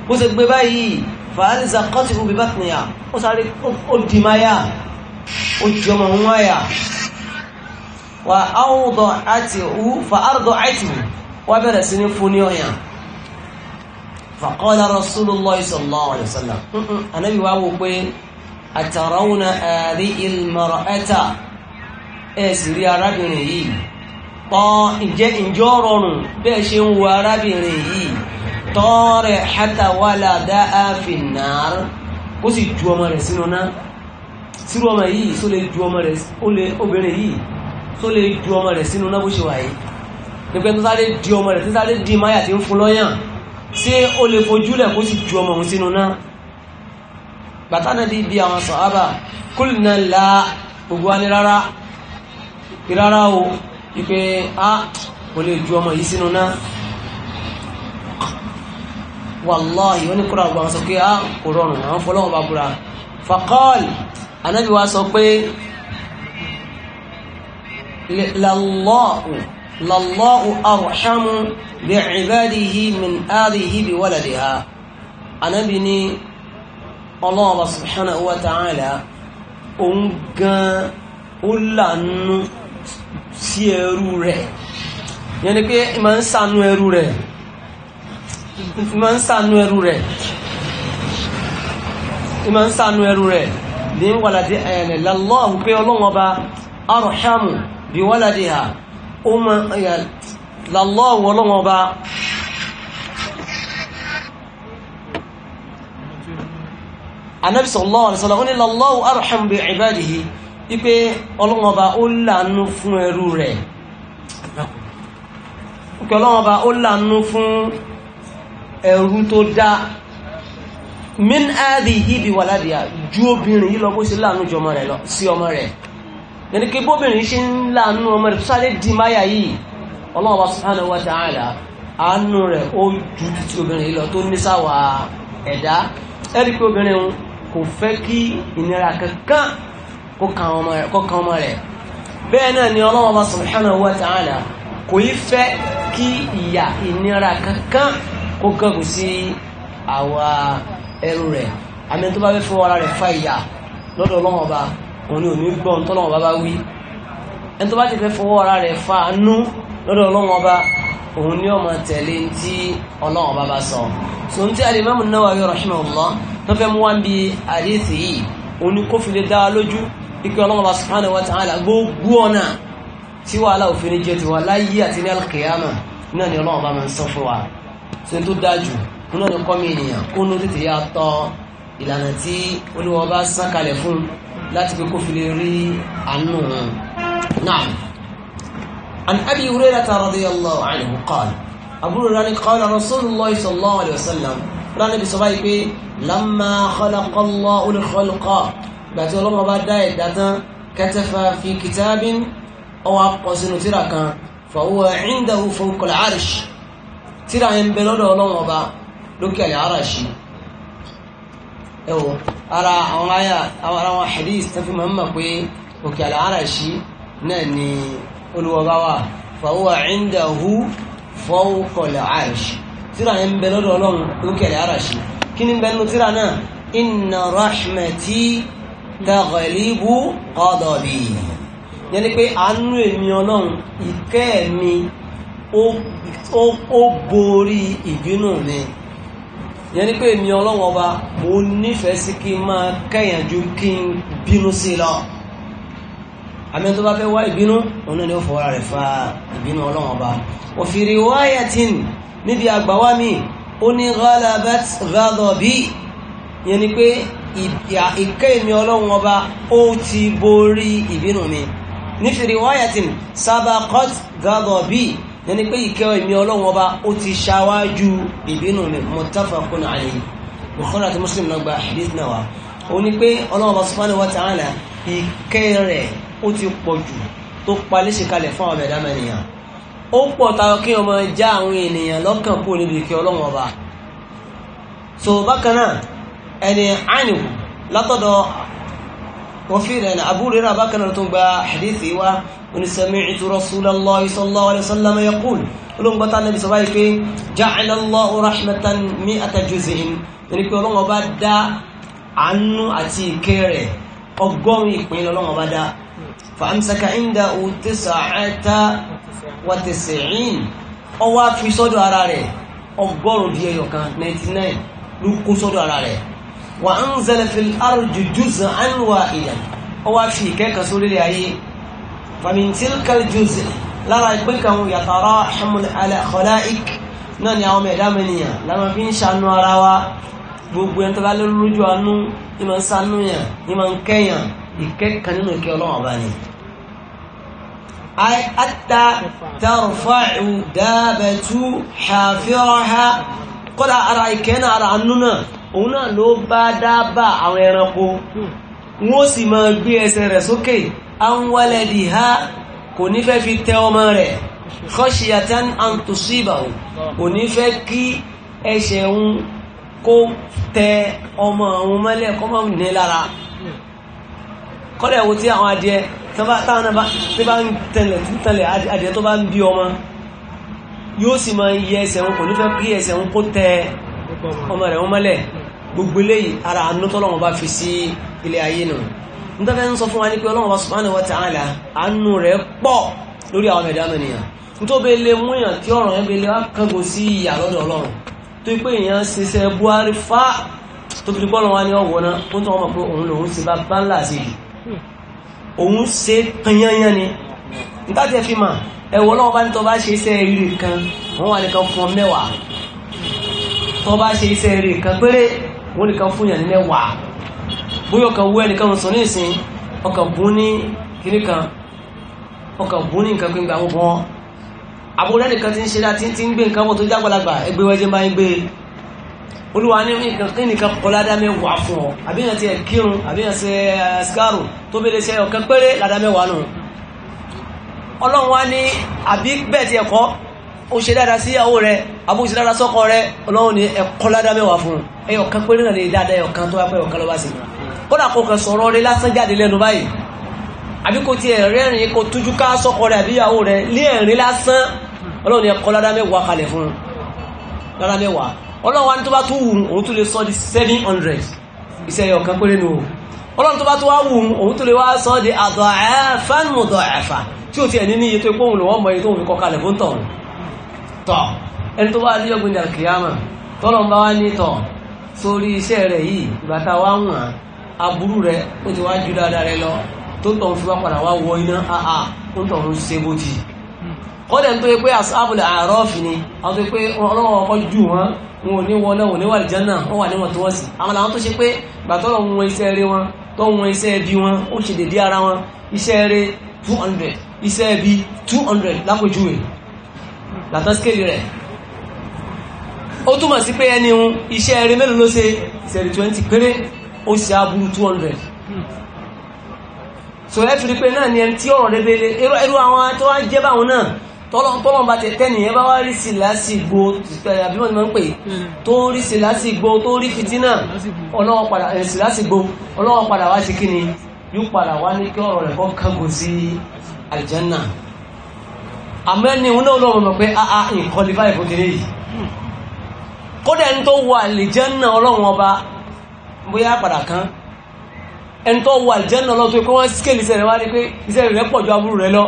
bó ṣe gbé báyìí fàálìsà kọ́tì fún bíbá tìyà ó sáré ó di máyà ó ju ọmọ òun máyà wà áwùdọ̀ àti òwú fàárdọ̀ àti òwú wà bẹ̀rẹ̀ sí ní fún ní ọ̀yà fàkọ́lá rasulullah tọ́ọ̀rẹ̀ hátàwálà dáàfin náà ó sì ju ọmọ rẹ̀ sínú náà sírú ọmọ yìí só lè ju ọmọ rẹ̀ obìnrin yìí só lè ju ọmọ rẹ̀ sínú náà bó ṣe wà yìí nígbẹ́ tó sáré di ọmọ rẹ̀ tó sáré di máyà tí ń fún lọ́yàn ṣé ó lè fojúlẹ̀ kó sì ju ọmọ òun sínú náà bàtà náà di ibi àwọn sàhábà kúlìnà la gbogbo wa ní rárá rárá o ìpè a kò lè ju ọmọ yìí sínú náà wàláhì ó ní kúrò àgbà wọn sọ pé ah kò rọrùn àwọn fọlọ́wọ́n bá búra faqal anábì wa sọ pé lallahu lallahu arhamu bi ibadihi min alihi bi waladiha anábì ni ọlọ́wọ́n bá subhanahu wa òun gan ó sí ẹrú rẹ̀ yẹn pé ìmọ̀ ń sànú ẹrú rẹ̀ ìmọ̀ ń sànú ẹrú rẹ̀ ìmọ̀ ń sànú ẹrú rẹ̀ ní wàlàdí ẹ̀ẹ̀nẹ̀ lọ́lọ́hùn pé ọlọ́wọ́n ọba arhamu bí wàlàdí ha ó mọ ẹ̀yà lọ́lọ́hùn ọlọ́wọ́n ọba anabi sallallahu alaihi wasallam ó ní lọ́lọ́hùn arhamu bí ibadihi wípé ọlọ́wọ́n ọba ó lànú fún ẹrú rẹ̀ wípé ọlọ́wọ́n ọba ó lànú ẹ̀rú tó dá min áàdì ibi wà ládìá ju obìnrin yìí lọ bó ṣe láàánú ju ọmọ rẹ̀ lọ sí ọmọ rẹ̀ yẹni kí bóbìnrin ṣe ń láàánú ọmọ rẹ̀ sáré di máyà yìí Allah subhanahu wa ta'ala àánú rẹ̀ ó ju títí obìnrin yìí lọ tó ní ẹ̀dá ẹ̀rí pé obìnrin kò fẹ́ kí ìnira kankan kó kan ọmọ rẹ̀ bẹ́ẹ̀ náà ni Allah subhanahu wa ta'ala kò yí fẹ́ kí ìyà ìnira kankan kó gàgùn sí àwa ẹrú rẹ̀ àmì tó bá fẹ́ fún ara rẹ̀ fa ìyà lọ́dọ̀ ọlọ́wọ́n ọba òun ni òní gbọ́n tọ́lọ́wọ́n ọba bá wí ẹni tó bá ti fẹ́ fọwọ́ ara rẹ̀ fa àánú lọ́dọ̀ ọlọ́wọ́n ọba òun ni ọmọ tẹ̀lé tí ọlọ́wọ́n ọba bá sọ so ní tí Al-Imam An-Nawawi rahimahullah tó fẹ́ mú wá ń bi àdéhìsì yìí òun ni kó dá lójú ike ọlọ́wọ́n ọba subhanahu wa ta'ala ní al-qiyamah náà ni ọlọ́wọ́n ọba máa ń sọ wa ṣe tó dájú kúnlọ́ ní kọ́mí ènìyàn kó ní tètè yá tọ́ ìlànà tí olúwa bá sán kalẹ̀ fún láti pé kó fi lè rí àánú wọn náà عن أبي هريرة رضي الله عنه قال أبو هريرة قال رسول الله صلى الله عليه وسلم رأنا بصبعي بي لما خلق الله الخلق باتي الله ما بعد داتا كتف في كتاب أو أقوى سنتركا فهو عنده فوق العرش tíra yẹn bẹ lọ́dọ̀ ọlọ́run ọba lókè àlẹ́ ara ṣe ẹ o ara àwọn aya ara àwọn hadith tó fi mọ̀ọ́mọ̀ pé òkè àlẹ́ ara ṣe náà ni olùwọ́ba wa fàwọ́ indahu fọ́ọ̀kọ̀lẹ̀ àìṣì tíra yẹn bẹ lọ́dọ̀ ọlọ́run lókè àlẹ́ ara ṣe kí ni bẹnu tíra náà inna rahmati taghlibu ghadabi yẹn ni pé àánú èmi ọlọ́run ìkẹ́ mi ó borí ìbínú mi yẹn ni pé mi ọlọ́wọ́ ọba mo nífẹ̀ẹ́ sí kí n máa kẹ́yànjú kí n bínú sí lọ àmì tó bá fẹ́ wá ìbínú òun ni ó fọwọ́ra rẹ̀ fa ìbínú ọlọ́wọ́ ọba òfìrí wáyàtìn níbi àgbàwá mi ó ní ghalabat ghadabi yẹn ni pé ìkẹ́ ìmí ọlọ́run ọba ó ti borí ìbínú mi nífìrí wáyàtìn sabaqat ghadabi yẹni pé ìkẹ́ ìmí ọlọ́run ọba ó ti ṣáwájú ìbínú mi muttafaqun alayhi Bukhari àti Muslim náà gba hadith náà wá ó ní pé ọlọ́run ọba subhanahu wa ta'ala ìkẹ́ rẹ̀ ó ti pọ̀ jù tó palẹ́ ṣe kalẹ̀ fún ọmọ ẹ̀dá mẹ́niyàn ó pọ̀ tayọ kí ọmọ já àwọn ènìyàn lọ́kàn kú níbi ìkẹ́ ọlọ́run ọba so bákan náà ẹni ànìwò látọ̀dọ̀ wọ́n fi rẹ̀ Abu Hurairah bákan náà tó gba hadith wá قل سمعت رسول الله صلى الله عليه وسلم يقول قلون بطا النبي صلى الله عليه وسلم جعل الله رحمة مئة جزء يعني قلون بدا عنه أتي كيري أقومي قلون لون بدا فأمسك عنده تسعة وتسعين أو في صدر أراري أقوم ديالو كان 99 لو صدر أراري وأنزل في الأرض جزءا واحدا أو في كيكا سوري فمن تلك الجزء lára ìpín kan wò yàtàrá ṣàmùn alẹ́kọ̀láìk náà ni àwọn ọmọ ẹ̀dá mẹ́niyàn lára fi ń ṣàánú ara wa gbogbo ẹni tó bá lórí lójú anú ní ma ń ṣàánú yàn ní ma ń kẹ́yàn ìkẹ́kàn nínú ìkẹ́ ọlọ́run ọba ni. ata tarfa'u dábẹ̀tú ṣàfihàn kọ́dà ara ìkẹ́ náà ara anú náà òun náà ló bá dábàá àwọn ẹranko wọ́n sì máa gbé ẹsẹ̀ rẹ̀ sókè anwalẹ̀dì ha kò ní fi tẹ ọmọ rẹ̀ khashiyatan an tusibahu kò ní fẹ́ kí ẹsẹ̀ ń kó tẹ ọmọ àwọn mẹ́lẹ̀ kọ́ máa ní lára kọ́lẹ̀ wo tí àwọn adìẹ tí bá ń tẹ̀lẹ̀ adìẹ tó bá ń bí ọmọ yóò sì máa yẹ ẹsẹ̀ wọn kò ní fẹ́ kí ẹsẹ̀ wọn kó tẹ ọmọ rẹ̀ wọn mẹ́lẹ̀ gbogbo eléyìí ara àánú tọ́lọ́wọ́n bá fi sí i ilé ayé nù nítorí ń sọ fún wa ní pé ọlọ́run subhanahu wa ta'ala àánú rẹ̀ pọ̀ lórí àwọn ẹ̀dá mẹ́nìyàn tó bẹ lè mú èèyàn tí ọ̀rọ̀ yẹn bẹ lè wá kángo sí ìyà lọ́dọ̀ ọlọ́run tó pé èèyàn ṣiṣẹ́ buhari fa tó fi bọ́ọ̀lù wa ní ọ̀wọ́ náà ó tún wọn mọ̀ pé òun lòun ṣe bá bá ńlá sí i òun ṣe pẹ̀yányán ni nígbà tí ẹ fi mà ẹ̀wọ̀ ọlọ́run bá ní tó bá ṣe iṣẹ́ rere kan wọ́n wà nìkan fún ọ mẹ́wàá tó bá ṣe iṣẹ́ rere kan péré wọ́n bóyá ọkàn wú ẹnìkan sọ ní ìsìn ọkàn bú ní kíní kan ọkàn bú ní nǹkan pé nǹkan bọ́ àbúrò ẹnìkan ti ń ṣe láti ti ń gbé nǹkan bọ̀ tó jágbàlagbà ẹgbẹ́ wẹ́jẹ́ máa ń gbé olúwa ní nǹkan kí nìkan kọládá mẹ́wàá fún ọ àbíyàn ti ẹ̀kírun àbíyàn ti ẹ̀skáàrù tó bẹ̀rẹ̀ ṣe ọ̀kan péré ládá mẹ́wàá nù ọlọ́run wá ní àbí bẹ́ẹ̀ ti ẹ̀kọ́ ó ṣe dáadáa sí ìyàwó rẹ àbó ṣe dáadáa sọ́kọ rẹ ọlọ́run ní ẹ̀kọ́ ládá fún ẹ̀yọ̀kan péré náà lè dáadáa ẹ̀yọ̀kan tó wá pẹ́ ọ̀kan lọ́wọ́ sí kódà kò kàn sọ̀rọ̀ rẹ lásán jáde lẹ́nu báyìí àbí kò tiẹ̀ rẹ́rìn kò tújú ká sọ́kọ rẹ àbí ìyàwó rẹ lé ẹ̀rín lásán ọlọ́run yẹn kọ́ ládá mẹ́wàá kalẹ̀ fún un ládá mẹ́wàá ọlọ́run wa ní tó bá tún wù òun tún lè sọ di seven hundred iṣẹ́ yẹn ọ̀kan péré nu o ọlọ́run tó bá tún wá wù òun tún lè wá sọ di àdọ̀ ẹ̀fà ń tí ò tiẹ̀ ní ní iye tó pọ̀ lọ́wọ́ mọ aburú rẹ̀ ó ti wá ju dáadáa rẹ̀ lọ tó tọ̀ ń fi wá padà wá wọ iná àà ó tọ̀ ń ṣe bó ti kọ́dẹ̀ tó yẹ pé asábùlẹ̀ àárọ́ọ̀fì ni àwọn tó yẹ pé ọlọ́wọ́ ọkọ̀ jù wọ́n wọn ò ní wọ náà wọn ní wà lè jẹ́nà wọ́n wà níwọ̀n tó wọ́n sí àwọn làwọn tó ṣe pé gbàtọ́lọ̀ ń wọn iṣẹ́ eré wọn tó wọn iṣẹ́ ẹbí wọn ó ṣe dédé ara wọn iṣẹ́ eré 200 iṣẹ́ ẹbí 200 lápòjúwe làtọ́ scale rẹ̀ ó túmọ̀ sí pé ẹni iṣẹ́ eré mélòó ló ṣe ìṣẹ̀rì 20 péré ó ṣe aburú 200 so ẹ tún rí pé náà ni ẹni tí ọ̀rọ̀ rẹ̀bẹ̀lẹ̀ irú àwọn tó wá jẹ́ báwọn náà tọ́lọ́n bá tẹ̀tẹ́ nìyẹn bá wá rí sí lásìgbò àbí wọ́n ni máa ń pè hmm. tó rí sí lásìgbò tó rí fìtínà ọlọ́wọ́ padà sí lásìgbò ọlọ́wọ́ padà wá sí kíni yóò padà wá ní kí ọ̀rọ̀ rẹ̀ kọ́ kángo sí àlìjánà àmọ́ ẹni òun náà lọ́wọ́ mọ̀ pé àà nǹkan lè báyìí fún kiri yìí hmm. kódà ẹni tó wọ àlìjánà ọlọ́wọ́n ọba bóyá padà kan ẹni tó wà jẹ́nà lọ́tọ́ pé wọ́n scale iṣẹ́ rẹ̀ wá ní pé iṣẹ́ rẹ̀ pọ̀ ju aburú rẹ̀ lọ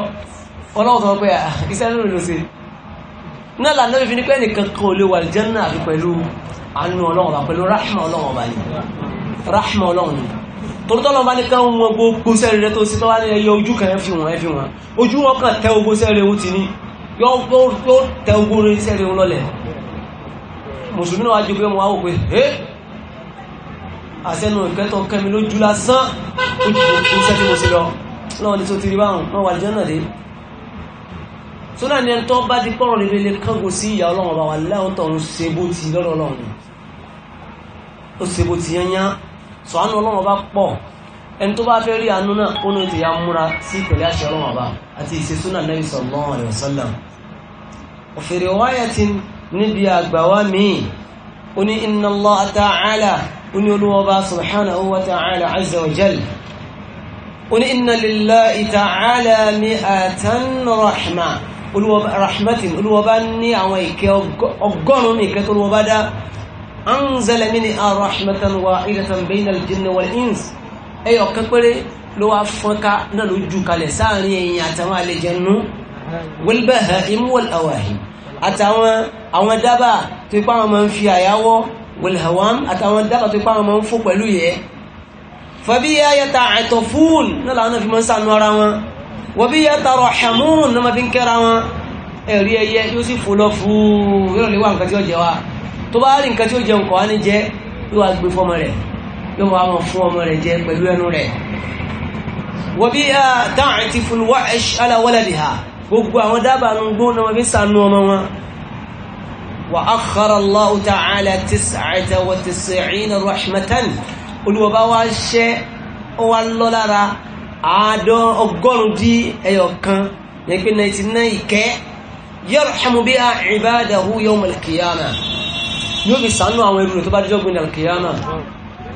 ọlọ́wọ́ sọ pé iṣẹ́ rẹ̀ ló ṣe náà lànà fi ní pé ẹnìkan kan ò lè wà jẹ́nà àti pẹ̀lú àánú ọlọ́run ọba pẹ̀lú ráhìmà ọlọ́run ọba ni ráhìmà ọlọ́run ni torítọ́ lọ́ba ní ká wọn gbogbo sẹ́rẹ̀ rẹ̀ tó sí tọ́wá ní ẹyọ ojú kan fi wọn fi wọn ojú wọn kan tẹ ogbó sẹ́rẹ̀ ohun ti ní yóò tẹ ogbó sẹ́rẹ̀ ohun lọ́lẹ̀ mùsùlùmí náà wájú pé mo wá wò pé àṣẹnu ìkẹ́tọ̀ kẹmi lójú lásán oúnjẹ tí mo ṣe lọ náà ní tó ti rí báhùn náà wà jẹ́ náà dé tó náà ní ẹni tó bá di pọ́rọ̀ lè lè kángo sí ìyá ọlọ́run ọba wà láwọn tó ṣe bó ti lọ́dọ̀ ọlọ́run òfèrè wáyà níbi àgbà wá ó ní inna Allah ta'ala oní olúwọba subhanahu wa ta'ala azza wa jal oní inna lillahi ta'ala mi'atan rahma olúwọba rahmatin olúwọba ní àwọn ìkẹ́ ọgọ́rùn-ún ìkẹ́ tó olúwọba dá anzala minha rahmatan wahidatan bayna al-jinni wal-ins ẹyọ kan péré ló wá fọ́nká náà ló jù kalẹ̀ sáàrin èyìn àtàwọn àlejẹnú wal àwọn dábà ń fi àyáwọ́ wẹ̀lẹ̀hàwám àtàwọn dábàá tó pàwọn máa ń fò pẹ̀lú yẹ fàbí yàtà àtọ̀ fún náà làwọn fi máa ń sànú ara wọn wọ́n bí yàtà rọ̀hàmún náà máa fi ń kẹ́ra wọn ẹ̀rí ẹyẹ yóò sì fò lọ fún yóò lè wá nǹkan tí ó jẹ wa tó bá rí nǹkan tí ó jẹ nǹkan wá ní jẹ yóò wá gbé fọmọ rẹ yóò wá wọn fún ọmọ rẹ jẹ pẹ̀lú ẹnu rẹ wọ́n bí yàtà àti fún wáṣ وأخر الله تعالى تسعة وتسعين رحمة الوباء الشيء واللولارا عادون أقول دي أيوكان يكون نيتنايك يرحم بها عباده يوم القيامة يوبي سانو àwọn ẹrù tó bá jọ gbin alkiyama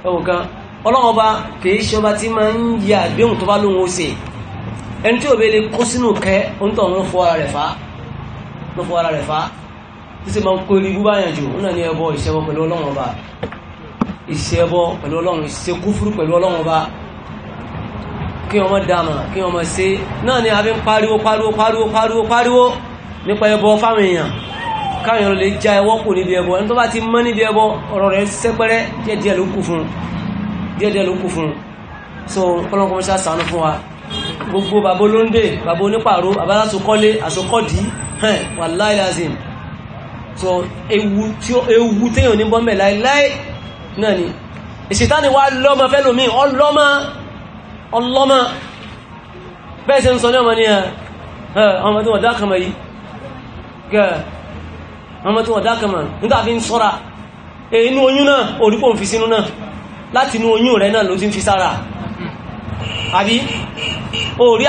ẹwọ kan ọlọ́wọ́ bá kìí ṣe ọba tí ma ń yẹ tó bá lóhun ó se ẹni tí ò bẹ́ẹ̀ lè kó sínú kẹ́ ń tọ̀ ń fọ́ ara rẹ̀ fà tí sì máa ń kó irú búbá yàn jù ó náà ní ẹbọ ìṣẹbọ pẹ̀lú ọlọ́run ọba ìṣẹbọ pẹ̀lú ọlọ́run ìṣekúfúrú pẹ̀lú ọlọ́run ọba kí wọ́n mọ̀ dáàmà kí wọ́n mọ̀ ṣe náà ni a fi ń pariwo pariwo pariwo pariwo pariwo nípa ẹbọ fáwọn èèyàn káwọn èèyàn lè já ẹwọ́ kù níbi ẹbọ ẹni tó bá ti mọ́ níbi ẹbọ ọ̀rọ̀ rẹ̀ sẹ́pẹ́rẹ́ díẹ̀díẹ̀ ló kù fún díẹ̀díẹ̀ ló kù fún so kọ́lọ́n kọ́mọ́ṣá sànú fún wa gbogbo bàbá olóńdè bàbá onípàrọ̀ bàbá lásòkọ́lé àsòkọ́dì wàláì lásìmù so ewu tí ó ewu téèyàn ní bọ́m̀bẹ̀ láìláì náà ni ìṣìtáni wá lọ́mọ fẹ́lòmí ọlọ́mọ ọlọ́mọ bẹ́ẹ̀ sí ń sọ ní ọmọ ní ọmọ tí wọ́n dákàmà yìí gẹ́ ọmọ tí wọ́n dákàmà nígbà fi ń sọ́ra inú oyún náà orípò ń fi sínú náà láti inú oyún rẹ̀ náà ló ti ń fi sára àbí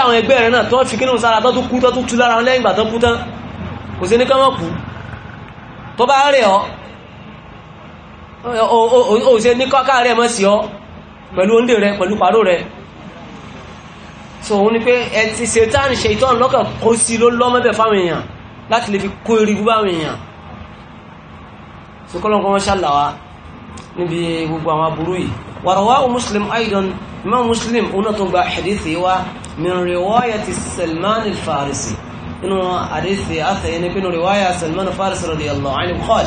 àwọn ẹgbẹ́ rẹ̀ náà tó fi kínú sára tó tún kú tó tún tú lára lẹ́yìn ìgbà tó kú tán kò sí ní ká tó bá rẹ̀ ọ́ o ṣe ní kọ́ká rẹ̀ mọ́ sí ọ́ pẹ̀lú oúnjẹ rẹ̀ pẹ̀lú pàró rẹ̀ so òun ni pé ẹ ti ṣe táàrin ṣe ìtọ́n lọ́kàn kó sí ló lọ́mọ́bẹ̀ fáwọn èèyàn láti lè fi kó erigun báwọn èèyàn so kọ́lọ́nkọ́ wọn ṣàlàwà níbi gbogbo àwọn aburú yìí wàrọ̀wá muslim aidan imam muslim onatungba hadithi wa min riwayati salman al-farisi إنه حديث أثر يعني كنه رواية سلمان فارس رضي الله عنه قال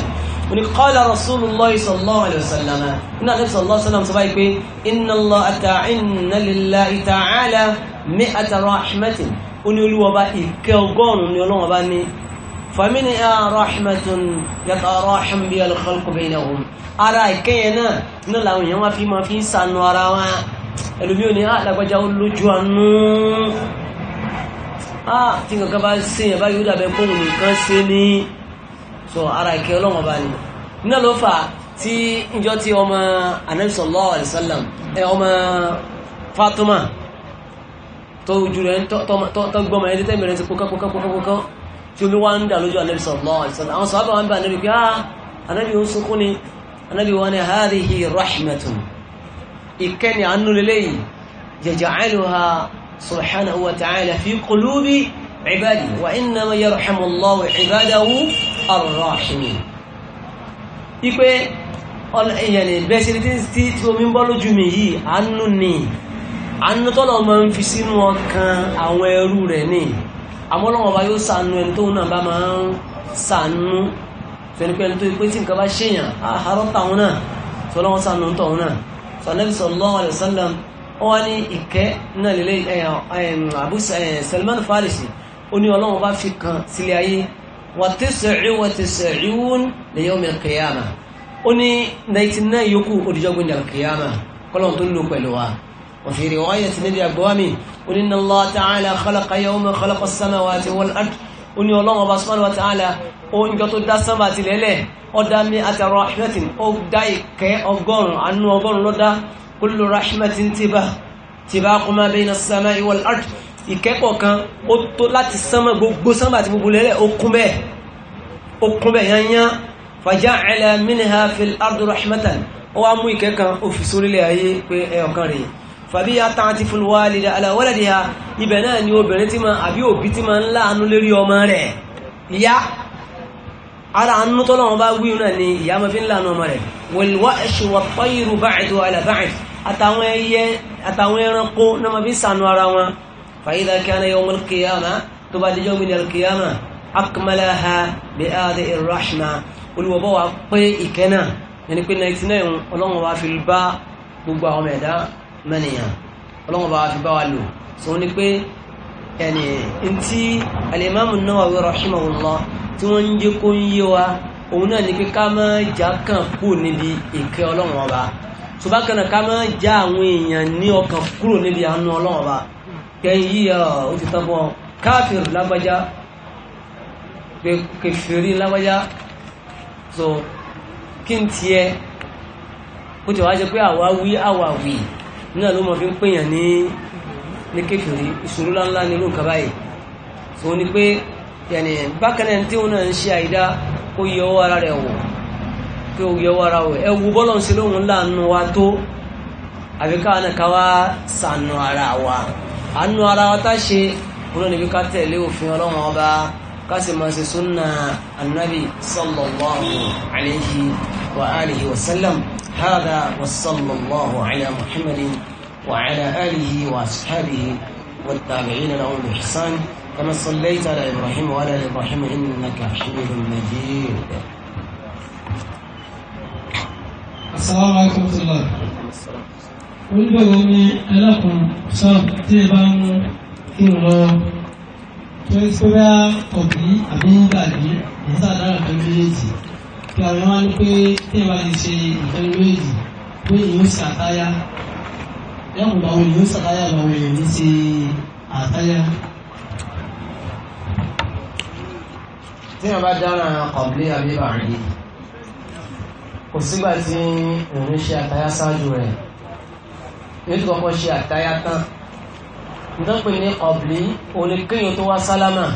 وني قال رسول الله صلى الله عليه وسلم إن النبي صلى الله عليه وسلم سبايك بي إن الله تعن لله تعالى مئة رحمة وني لو با إكوغون وني لو با ني فمن رحمة يتراحم بها الخلق بينهم أرى كينا نلا وين ما في ما في سنوارا ẹlòmí ò ní àlàgbàjá olójú àánú ah tí nǹkan bá ṣe yẹn báyìí ó dàbẹ kó òun nǹkan ṣe ní sọ ara ìkẹ́ ọlọ́run ọba ni nínú ló fà tí ìjọ tí ọmọ anabi sallallahu alaihi wasallam ẹ ọmọ Fatima tó ojú rẹ tó gbọmọ ẹni tẹ́mi rẹ ti kó kọ́kọ́ kọ́kọ́ kọ́kọ́ tí omi wá ń dà lójú anabi sallallahu alaihi àwọn sọ̀rọ̀ àwọn bá anabi pé ah anabi ń sunkún ni anabi wọn ni hadihi rahmatun ìkẹ́ni àánú lélẹ́yìn jẹjẹ ha subhanahu wa ta'ala fi qulubi ibadihi wa innama yarhamu Allahu ibadahu ar-rahimin ipe ìyẹnì bẹ́sẹ̀ tí tí omi ń bọ́ lójú mi yìí àánú ni àánú tọ́lọ̀ ma ń fi sínú ọkàn àwọn ẹrú rẹ̀ ni àmọ́lọ́wọ́ bá yóò sànú ẹni tó náà bá ma ń sànú fẹ́nipẹ́ni tó ipé tí nǹkan bá ṣèyàn àárọ̀ wọ́n ní ìkẹ́ náà lè Abu eh, Salman Farisi ó ní ọlọ́run bá fi kan sílé ayé wà tẹ́sẹ̀rí wà tẹ́sẹ̀rí wọ́n lè yọ ọmọ kìyàmà ó ní 99 yòókù òdìjọ́gbìn dàl kìyàmà kọ́lọ́n tó lò pẹ̀lú wa wọ́n fi riwaya ti níbi àgbọ́wámi ó ní Allah ta'ala khalaqa yawma khalaqa as-samawati wal ard ó ní ọlọ́run tó dá sánmà tilẹ̀lẹ̀ ó dá mi àtàrọ̀ ahmed ó dá ìkẹ́ ọgọ́rùn-ún anú ọgọ́rùn-ún ló kullu rahmatin tibah tibaqu ma bayna as-samai wal ard ìkẹ́kọ̀ọ́ kan ó tó láti sánmọ̀ gbogbo sánmọ̀ àti gbogbo lẹ́lẹ̀ ó kún bẹ̀ yányán faja'ala minha fil ardi rahmatan ó wá mú ìkẹ́kan ó fi sórílẹ̀ ayé pé ẹ̀ọ̀kan rèé fàbí ya tán ti fún wálìdá aláwọ́lẹ̀dẹ̀ ibẹ̀ náà ni obìnrin tí ma àbí òbí tí ma ń láàánú lérí ọmọ rẹ̀ ìyá ara àánú tọ́lọ́wọ́n bá wí náà ni ìyá ọmọ fi ń lànà ọmọ rẹ̀ wẹ̀lúwà ẹ̀ṣù wà pọ́yìrù báàdù àlàbáàd àtàwọn ẹyẹ àtàwọn ẹranko náà máa fi ń sànú ara wọn fàyídà kí ana yawm al-qiyamah tó bá dijọ́ gbìn al-qiyamah akmalaha bi adi irrahma olùwọ́bọ̀ wa pé ìkẹ́ náà yẹni pé 99 ọlọ́wọ́n wa fi bá gbogbo àwọn ẹ̀dá mẹ́nìyàn ọlọ́wọ́n wa fi bá wa lò sọ ni pé ẹni ntí al-Imam an-Nawawi rahimahullah tí wọ́n ń jẹ́ kó ń yé wa òun náà ni pé ká má já kàn kú níbi ìkẹ́ ọlọ́run ọba tó bá kàn ká má já àwọn èèyàn ní ọkàn kúrò níbi àánú ọlọ́run ọba kẹ́yìn yìí ó ti tán bọ́ káàfìrì lágbájá kẹfìrí lágbájá so kí n tiẹ̀ ó ti wá jẹ pé àwa wí àwa wì náà ló mọ fi ń pèèyàn ní ní kẹfìrí ìṣòro láńlá ní irú nǹkan báyìí so ni pé yẹni bákanáà tí wọn náà ń ṣe àìdá kó yọ ọwọ́ ara rẹ̀ wò kí ó yọ ọwọ́ ara wò ẹ wo bọ́lọ̀ ń ṣe lóhun láàánú wa tó àbí káwa náà ká wá sànù ara wa àánú ara wa tá ṣe kúrò níbi ká tẹ̀lé òfin ọlọ́run ọba ká sì máa ṣe súnà annabi sallallahu alayhi wa alihi wa sallam hada wa sallallahu ala muhammadin wa alihi wa ashabihi wa tabi'ina lahum bi ihsan كما صليت على إبراهيم وعلى آل إبراهيم إنك حميد مجيد السلام عليكم ورحمة الله olùbẹ̀wò mi ẹlẹ́kùn ṣọ́ọ̀bù tí ẹ bá ń kí n lọ tó ń pẹ́ bá kọ̀bí àbí ń gbàgbé ní sàdára pẹ̀lú méjèèjì kí àwọn máa ń pé tí ẹ bá ń ṣe ìfẹ́ pé ìyóò ṣe àtáyá lẹ́kùn báwo ìyóò ṣe àtáyá báwo ìyóò ní ṣe àtáyá. tí wọ́n bá dára kọ̀bílé àbíbà rí kò sígbà tí òun ṣe àtayá ṣáájú rẹ̀ ètò kọ́kọ́ ṣe àtayá tán nítorí pé ní kọ̀bílé òní kéèyàn tó wá sálámà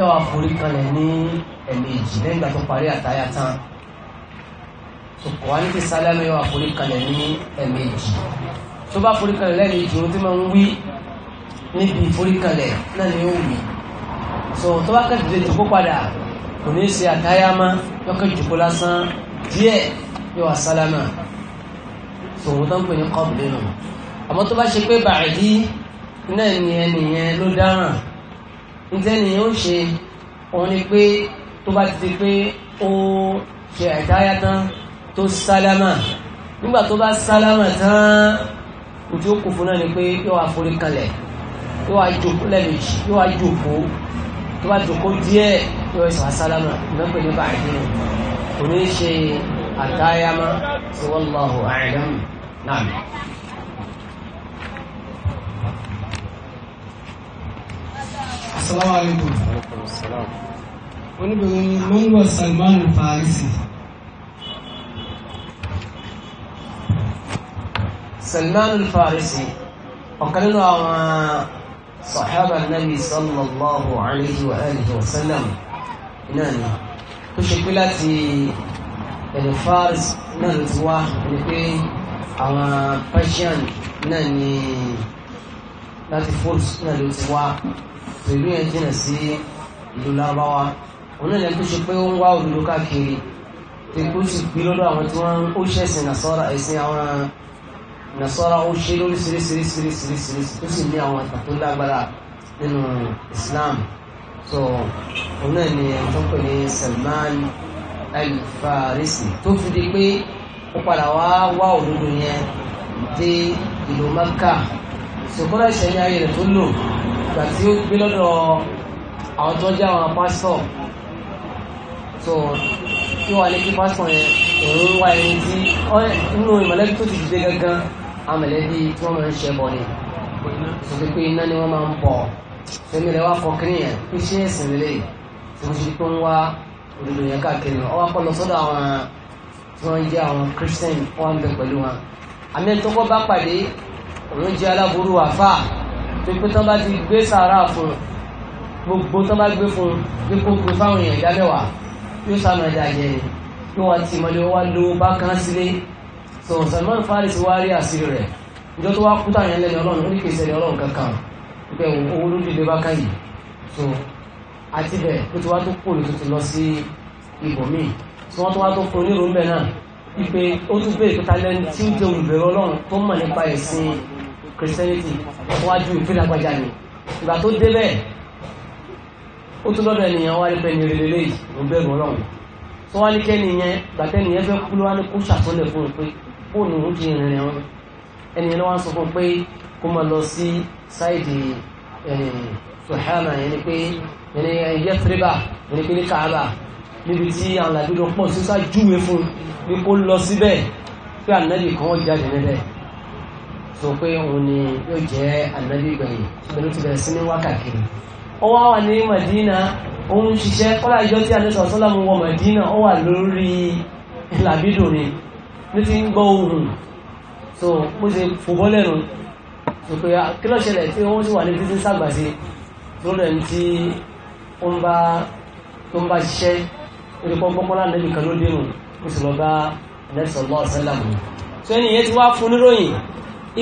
ẹ wà forí kanlẹ̀ ní ẹ̀mejì lẹ́yìn ìgbà tó parí àtayá tán kò wá ní ti sálámà ẹ wà forí kanlẹ̀ ní ẹ̀mejì tó bá forí kanlẹ̀ lẹ́yìn ìjòyè tó máa ń wí níbi ìforí kanlẹ̀ náà ni ó wù mí so tó bá kẹ́jù lè jòkó padà kò ní ṣe àtáyámá lọ́kẹ́ jòkó lásán díẹ̀ yóò wá so òun tó ń pè ní kọ́ọ̀bù lẹ́nu àmọ́ tó bá ṣe pé bàìdí náà ni ẹnìyẹn ló dáràn níta ẹnìyẹn ó ṣe òun ni pé tó bá ti di pé ó ṣe àtáyá tán tó sálámà nígbà tó bá sálámà tán ojú òkùnfún náà ni pé yóò wá forí kalẹ̀ yóò wá jòkó lẹ́ẹ̀mejì yóò wá tó bá jòkó díẹ̀ yóò ṣe àsálámà ìgbẹ́pẹ̀ ní báyìí nù kò ní ṣe àtáyámá sí wallahu a'lam náà. Assalamu alaikum. Oníbẹ̀rẹ̀ ni ló ń Salman Farisi. Salman Farisi, ọ̀kan àwọn sàhábà nàbì sallallahu alayhi wa alihi wa sallam náà ni ó ṣe pé láti ẹ̀lẹ́ fars náà ló ti wá ẹni pé àwọn persian náà ni láti fors náà ló ti wá pẹ̀lú yẹn jìnnà sí ìlú lábáwá òun náà lẹ́nu ṣe pé ó ń wá òdodo káàkiri tẹ̀kú sì gbé lọ́dọ̀ àwọn tí wọ́n ó ṣẹ̀sìn nàṣọ́ra ẹ̀sìn àwọn nasara ó ṣe lóríṣiríṣiríṣiríṣiríṣi tó sì ní àwọn ìtàn tó lágbára nínú islam so òun náà ni ẹni tó ń pè ní salman al-farisi tó fi di pé ó padà wá wá òdodo yẹn dé ìlú maka ṣùgbọ́n ẹ̀ṣẹ̀ ní ayé rẹ̀ tó lò ìgbà tí ó gbé lọ́dọ̀ àwọn tó jẹ́ àwọn pásítọ̀ so kí wàá lè kí pásítọ̀ yẹn òun wá ẹni tí nínú ìmọ̀lẹ́bí tó ti dìde gangan amẹ̀lẹ́bí tí wọ́n máa ń ṣẹbọ ni kò sí pé iná ni wọ́n máa ń bọ̀ sẹ́mi rẹ̀ wá kọ kiri yẹn pé ṣé ẹ̀sìn lélẹ̀ tí mo ṣe pé ń wá òdodo yẹn káàkiri náà ọwọ́ akọ́ lọ sọ́dọ̀ àwọn tí wọ́n jẹ́ àwọn Christian wọ́n bẹ pẹ̀lú wọn àmì tọ́kọ́ bá pàdé òun jẹ́ aláboru àfà tó pé tán bá ti gbé sàárà fún gbogbo tán bá gbé fún bí kò pé fáwọn èèyàn ìdá yóò sàmì ẹ̀dá jẹ ni yóò wá ti mọ́lẹ́ wá lo bá kan sílé so Salman Farisi wá rí àṣírí rẹ̀ ìjọ tó wá kú tàyẹn lẹ́yìn ọlọ́run ó ní kìí ṣẹlẹ̀ ọlọ́run kankan pé owó ló dìde bá káyì so àti bẹ̀ ó ti wá tó kó lè tuntun lọ sí ibòmíì tí wọ́n tó wá tó fún onírò ń bẹ̀ náà ipe ó tún bèèrè pé talẹ́ tí ń jẹ́ olùbẹ̀rẹ̀ ọlọ́run tó mọ̀ nípa ẹ̀sìn Christianity wọ́n á ju ìpínlẹ̀ àgbàjá ni ìgbà tó dé bẹ́ẹ̀ ó tún lọ́dọ̀ ènìyàn wá nípa ẹni rere lẹ́yìn olùbẹ̀rẹ̀ ọlọ́run tó wá ní kẹ́ni yẹn gbàtẹ́ni yẹn fẹ́ kú ló wá ní kó ṣàtúnlẹ̀ fún un pé fóònù ń fi rìnrìn àwọn ẹni ẹni wá ń sọ fún pé kó máa lọ sí sáìdì ṣùhánà yẹn ni pé ẹni ẹyẹ tírébà ẹni pé ní káàbà níbi tí àwọn làdúgbò pọ̀ sí sájúwe fún ní kó lọ síbẹ̀ pé ànábì kan jáde níbẹ̀ sọ pé òun ni yóò jẹ́ ànábì gbẹ̀yìn pẹ̀lú ti bẹ̀rẹ̀ sí ní wákàkiri ó wá wà ní Madina ó ń ṣiṣẹ́ kọ́lá ìjọ tí àdéṣọ́ sọ́lá mu wọ Madina ó wà lórí làbídò ni ní ti ń gbọ́ ohun so mo ṣe fòbọ́ lẹ́nu so pé ah, kí ló ṣẹlẹ̀ tí wọ́n sì wà ní títí sàgbà sí lọ́dọ̀ ẹni tí ó ń bá tó ń bá ṣiṣẹ́ orí pọ́npọ́npọ́nlá nẹ́bì kan ló dérò ó sì lọ bá ẹ̀lẹ́sọ̀lọ́ ọ̀sẹ́làmù so ẹni yẹn ti wá fún níròyìn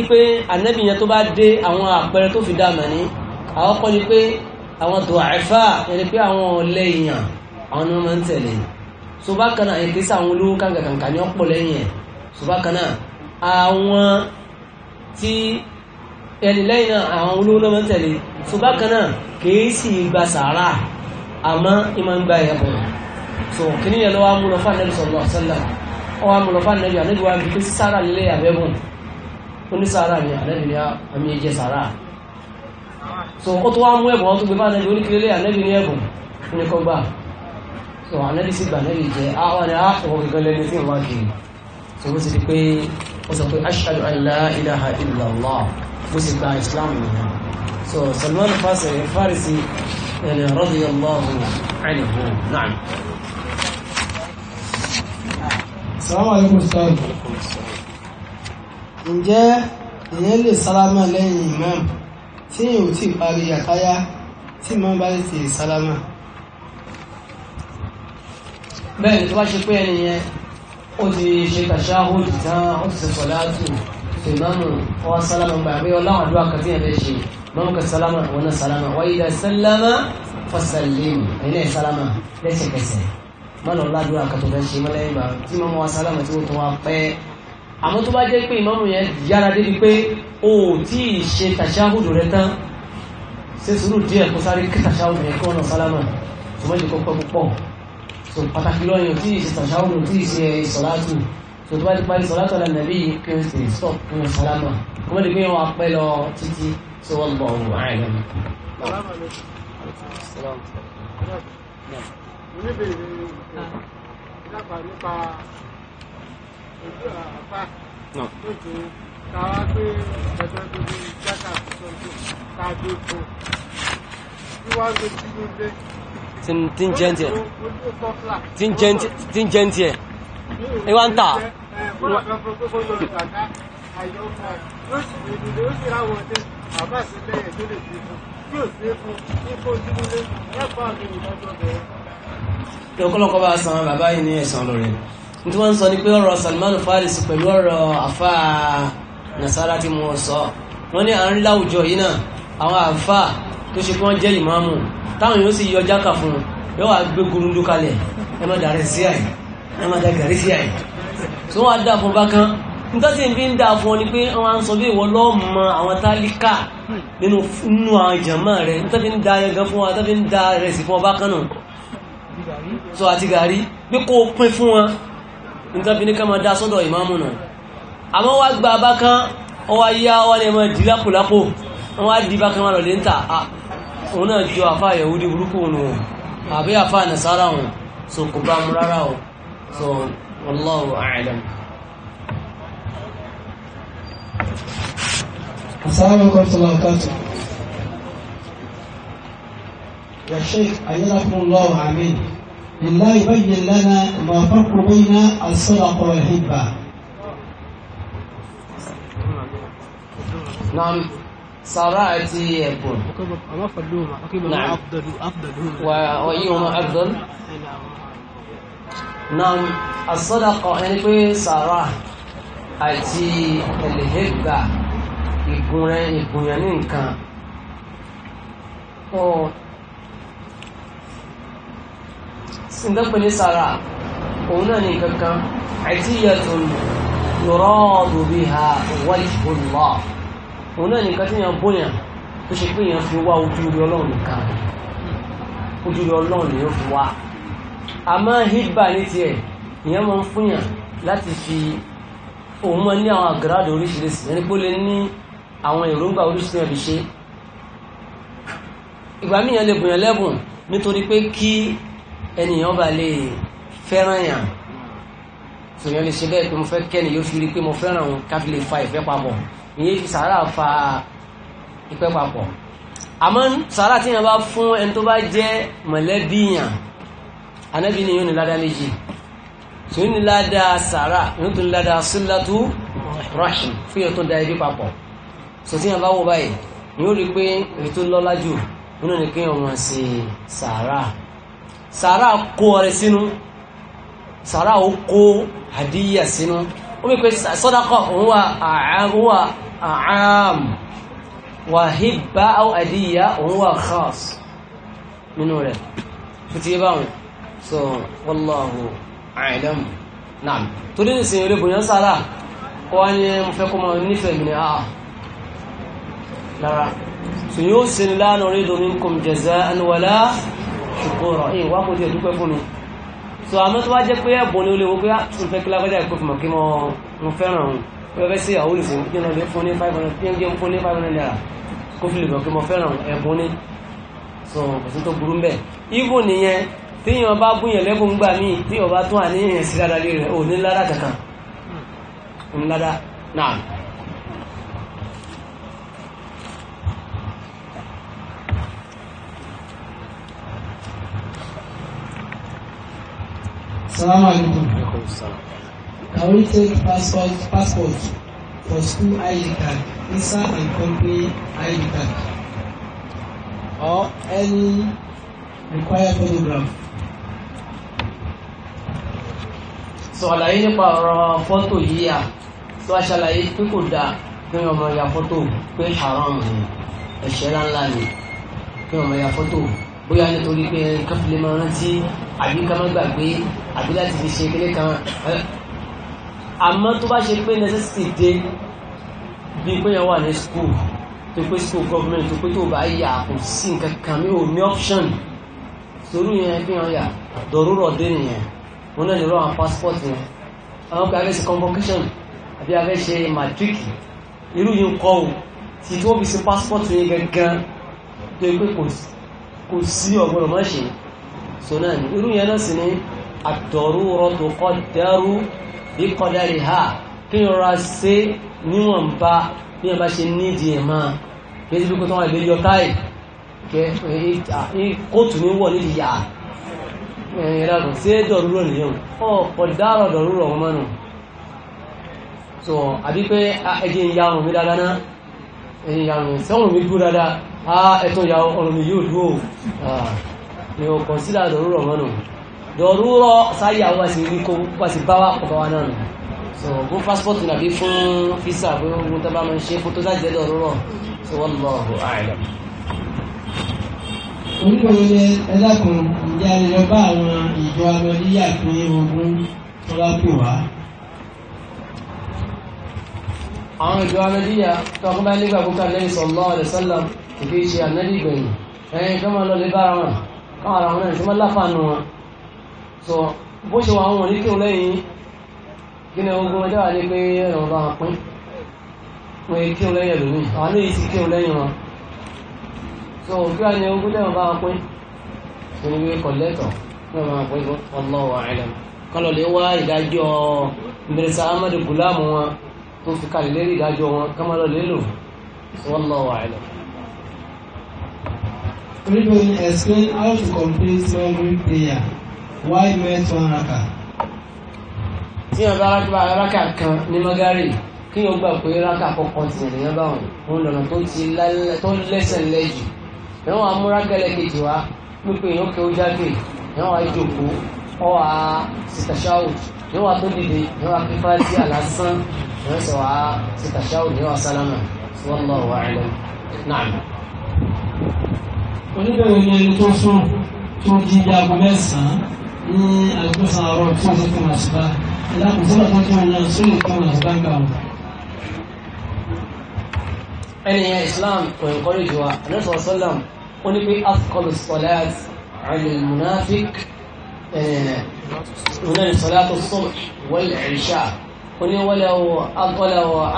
ipe ànẹ́bì yẹn tó bá dé àwọn àpẹẹrẹ tó fi dá mà ní àwọn kọ́ pé àwọn dùn àìfà ẹni pé àwọn ọ̀lẹ́ àwọn ni wọ́n máa ń tẹ̀lé yìí so bákan náà ìgbésẹ̀ àwọn olówó kàǹkàǹkà ní ọ̀pọ̀ lẹ́yìn ẹ̀ so bákan náà àwọn tí ẹni lẹ́yìn náà àwọn olówó náà máa ń tẹ̀lé so bákan kìí sì gba sàárà àmọ́ ìmọ̀ ń gba ẹ̀bùn so kìíní yẹn ló wá mú lọ fún anabi sallallahu alaihi wasallam ó wá mú lọ fún anabi anabi wa fi sàárà lílé àbẹ́bùn ó ní sàárà ni anabi ni àmì ẹ̀jẹ̀ sàárà so ó tó wá mú ẹ̀bùn ó tó gbé fún anabi ó ní kí lélẹ̀ anabi ní ẹ̀bùn ó gbà so ànábì sì gbà lẹ́yìn jẹ́ àwọn ni àwọn gangan lẹ́ni tí wọ́n kì í so bó ti di pé ó sọ pé ashhadu an la ilaha illallah gba islam nìyẹn so salman fasiri farisi ẹni radiyallahu anhu na'am. salamu alaykum salaam. ǹjẹ́ èyàn lè sálámà lẹ́yìn bẹ́ẹ̀ ni tó bá ṣe pé ẹni yẹn ó ti ṣe tashahud tán ó ti ṣe salatu tó ìmáàmù ọwọ́ sálámà gbà pé ọláwọ̀n àdúrà kan tí yẹn fẹ́ ṣe ìmáàmù kan sálámà wọn náà sálámà wáyé dá sálámà fasallim ẹni náà sálámà lẹ́sẹ̀kẹsẹ̀ mọ́nà ọ̀làdúrà kan tó fẹ́ ṣe mọ́lẹ́ ìgbà tí mọ́mú wa sálámà tí ó so pàtàkì lọ́yìn tí ìṣe tàṣáwò tí ìṣe ìsọ̀látù so tó bá ti parí ìsọ̀látù ọ̀la nàbí kí n sì stop kí n sálámà kí wọ́n lè gbé wọn apẹ́ lọ títí tí wọ́n bọ̀ ọ̀hún àìlẹ́ mi. oníbèrè ìdápa nípa ojú àpá tó ju káwá pé ẹ̀dọ́ gbogbo jákà tó sọ́jú ká gbé fún un. bí wọ́n á gbé sínú ilé tí ń bá san bàbá yìí ní ẹ̀sán lórí ní tí wọ́n ń sọ ní pé ọ̀rọ̀ Salman Faris pẹ̀lú ọ̀rọ̀ àfa nasara tí mo sọ wọ́n ní àárín láwùjọ yìí náà àwọn àfa tó ṣe kí wọ́n jẹ́ ìmáàmù táwọn yóò sì yọ jáka fún un yóò wá gbé gúrúndú kalẹ̀ ẹ má dàrẹ́ sí àyè ẹ má dà gàrí sí àyè tó wá dà fún bákan nǹkan tí n fi ń dà fún ọ ni pé wọ́n á sọ bí ìwọ lọ́ọ̀mọ àwọn tálíkà nínú nínú àwọn jàmá rẹ nítorí fi ń da ẹgan fún wa nítorí fi ń da rẹ sí fún ọ bákan náà sọ àti gàrí pé kó o pín fún wọn nítorí fi ní ká máa da sọ́dọ̀ ìmáàmù náà àmọ́ wá gba bákan ọwọ́ ayé wa ni ẹ máa wọ́n á di bákan wọn lọ́lẹ́ ń tà á òun náà jọ àfáà Yahudi burúkú wọn o àbí àfáà Nasara wọn so kò bá mu rárá o so wallahu a'lam. asalaamualeykum salaam صراعة يكون عقب أفضل عقب نعم. أفضل أفضل وأيهما أفضل؟ نعم الصدقة يعني في صراعة àti ẹlẹ́hẹ́gbà ìgúnrẹ́ ìgúnyàn ní nǹkan ọ̀ síndọ́pẹ̀ ní sára òun náà ní kankan àti ìyàtọ̀ yọ̀rọ̀ ọ̀dọ̀ bí ha wáyé olùwà òun náà nìkan tí yàn bóyàn tó ṣe pé yàn fi wá ojúrí ọlọ́run nìkan ojúrí ọlọ́run ni ó fi wá àmọ́ hidba ní tiẹ̀ ìyẹn máa ń fúnyàn láti fi òun máa ní àwọn àgàràdò oríṣiríṣi ẹni pé ó lè ní àwọn èròǹgbà oríṣiríṣi ẹ̀bí ṣe ìgbà míyàn lè bùyàn lẹ́bùn nítorí pé kí ẹnìyàn bá lè fẹ́ràn yàn tòyàn lè ṣe bẹ́ẹ̀ pé mo fẹ́ kẹ́ni yóò fi rí pé mo fẹ́ràn òun káfí lè fa ìfẹ́ papọ̀ ìyẹn fi sàárà fa ìpẹ́ papọ̀ àmọ́ sàárà tí yẹn bá fún ẹni tó bá jẹ́ mọ̀lẹ́bí yàn anábì ni yóò ní ládàá méjì tó ní ládàá sàárà yóò tó ní ládàá sílátú rahim fún yẹn tó da ẹbí papọ̀ so tí yẹn bá wọ báyìí yóò rí pé èyí tó lọ́lá jù nínú ni kí wọ́n ṣe sàárà sàárà kó ọrẹ sínú sàárà ó kó àdíyà sínú ó wípé sọ́dákọ̀ òun wà àám wàhíbá àwọn àdíyà òun wà khas nínú rẹ̀ tó ti yé báwọn so wallahu a'lam náà torí nìsín eré bòyán sára kó wá ní mo fẹ́ kó mọ nífẹ̀ẹ́ mi ní àá lára so yóò ṣe ní la nuridu minkum jaza'an wala shukura ẹ̀yìn wá kó tiẹ̀ dúpẹ́ fún mi so àmọ́ tó wá jẹ́ pé ẹ̀bùn ni ó lè wo pé ń ah, fẹ́ kí lágbájá ìkó fún mọ̀ kí mo fẹ́ràn òun bẹ́ẹ̀ sí àwọn olùfún kí wọ́n lè fún ní five hundred kí wọ́n jẹ́ fún ní five hundred naira kó fi lè bọ̀ kí mo fẹ́ràn ẹ̀bùn ní so kò sí tó burú mbẹ́ ibo nìyẹn téèyàn bá gúnyàn lẹ́bùn gbà míì téèyàn bá tún àníyàn sí dáadáa lé rẹ̀ ò ní ládà kankan ò ní ládà náà. Assalamu alaikum take passport passport for school id card visa and company id card or any required photograph. sọ àlàyé nípa ọ̀rọ̀ fọ́tò yíyà tó a ṣàlàyé pé kò dáa pé ọmọ ya fọ́tò pé haram ni ẹ̀ṣẹ̀ ńláńlá ni pé ọmọ ya fọ́tò bóyá nítorí pé káfílẹ̀ máa rántí àbí ká má gbàgbé àbí láti fi ṣe kékeré kan àmọ́ tó bá ṣe pé necessity dé bí pé yẹn wà ní school tó pé school government tó pé tó bá yà kò sí nǹkan kan mi ò ní option torí yẹn kí wọ́n yà dọ̀rọ̀rọ̀ dé nìyẹn wọn náà lè rọ àwọn passport yẹn àwọn pé abẹ́ ṣe convocation àbí abẹ́ ṣe matric irú yìí ń kọ́ o tí tí wọ́n fi ṣe passport yẹn gangan tó pé kò sí ọ̀gbọ́n ọ̀mọ́ṣe so náà irú yẹn náà sì ni àdọ̀rọ̀rọ̀ tó kọ́ dẹ́rù bí kọ́dá rí ha kí n ra ṣe níwọ̀nba bí wọ́n bá ṣe nídìí ẹ̀ máa bí ẹni pípẹ́ tó wà ìgbélé ọtáì kẹ kóòtù ní wọ̀ nídìí yá ẹ̀yìn ìlànà ṣé dọ̀rúrọ̀ nìyẹn ọ̀ ọ̀daràn dọ̀rúrọ̀ ọmọ nù so àbí pé ẹjẹ ń ya ọrùn mi dáadáa náà ẹjẹ ń ya ọrùn mi sẹ́wọ̀n mi dúró dáadáa á ẹ̀tún ya ọrùn mi yóò dọ̀rúrọ̀ sáyé àwọn àti ní kó pàṣẹ bá wà pọ̀pọ̀ wa náà nù so fún passport nàbí fún visa bí wọ́n tó bá máa ń ṣe fún tó dọ̀rúrọ̀ so wọ́n lọ ọ̀hún àìlọ. oníkòyè ẹlẹ́kùn ìyá ẹ̀rọ bá àwọn ìjọ alọ́líyà pé ogun tó bá pè wá. àwọn ìjọ alọ́líyà tó akọ́bá nígbà kó kàn lẹ́yìn sallallahu alaihi wasallam kò kí ṣe ànádìgbẹ̀yìn ẹ̀yìn kọ́mọ lọ lè bára wọn káwọn àwọn náà ṣe so bó ṣe wà wọn ní kí n lẹ́yìn kí ni ogun ọjọ́ àlẹ́ pé ẹ̀rọ bá wọn pín wọn kí n lẹ́yìn ẹlòmíì àwọn lè ti kí n lẹ́yìn wọn kí ní ogun lẹ́yìn bá pín wí kọ̀lẹ́tọ̀ ní kọlọ̀ lè wá ìdájọ́ mẹrẹsà amadu wọn tó fi why met one raka. tí yàn bá rákà rákà kan ní magari kí yàn gbà pé rákà kọ̀ọ̀kan ti yàn lèyàn bá wọn òun lọ́nà tó ti tó lẹ́sẹ̀ lẹ́jù ẹ̀wọ̀n wá mú rákà ẹlẹ́kejì wá pípé yàn kẹ́ ó jáde ẹ̀wọ̀n wá jókòó ọ wá sitaṣáwò yàn wá tó dìde yàn wá pípa sí àlásán yàn sọ wá sitaṣáwò yàn wá sálámà wallahu a'lam na'am. oníbẹ̀rẹ̀ ni ẹni tó sùn tó di aago mẹ́sàn-án. أنا إسلام ويقول جوا النبي صلى الله عليه وسلم قل في أثقل الصلاة على المنافق من صلاة الصبح والعشاء قل ولو أقل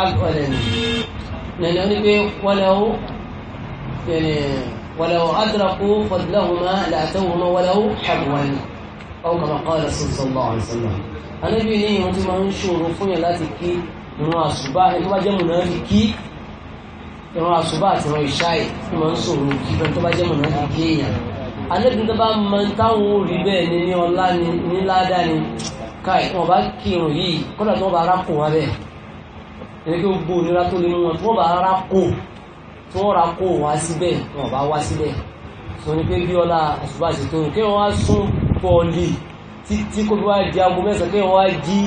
أقل لأن ولو يعني ولو أدركوا فضلهما لأتوهما ولو حبوا أو كما قال الرسول صلى الله عليه وسلم Ànábì ní ìwọ̀n tí máa ń ṣòro fún yàn láti kí ìrun àṣùbá ẹni tó bá jẹ́ mùnáfíkí ìrun àṣùbá àti ìrun ìṣáì tí máa ń ṣòro kí ẹni tó bá jẹ́ mùnáfíkí èèyàn Ànábì tó bá mọ táwọn orí bẹ́ẹ̀ ni ní ọlá ni ní ládá ni káì wọn bá kí irun yìí kódà tí wọn bá rákò wọn bẹ́ẹ̀ ẹni kí bọ́ọ̀lì títí kó wá di aago mẹ́sàn pé wọ́n á jí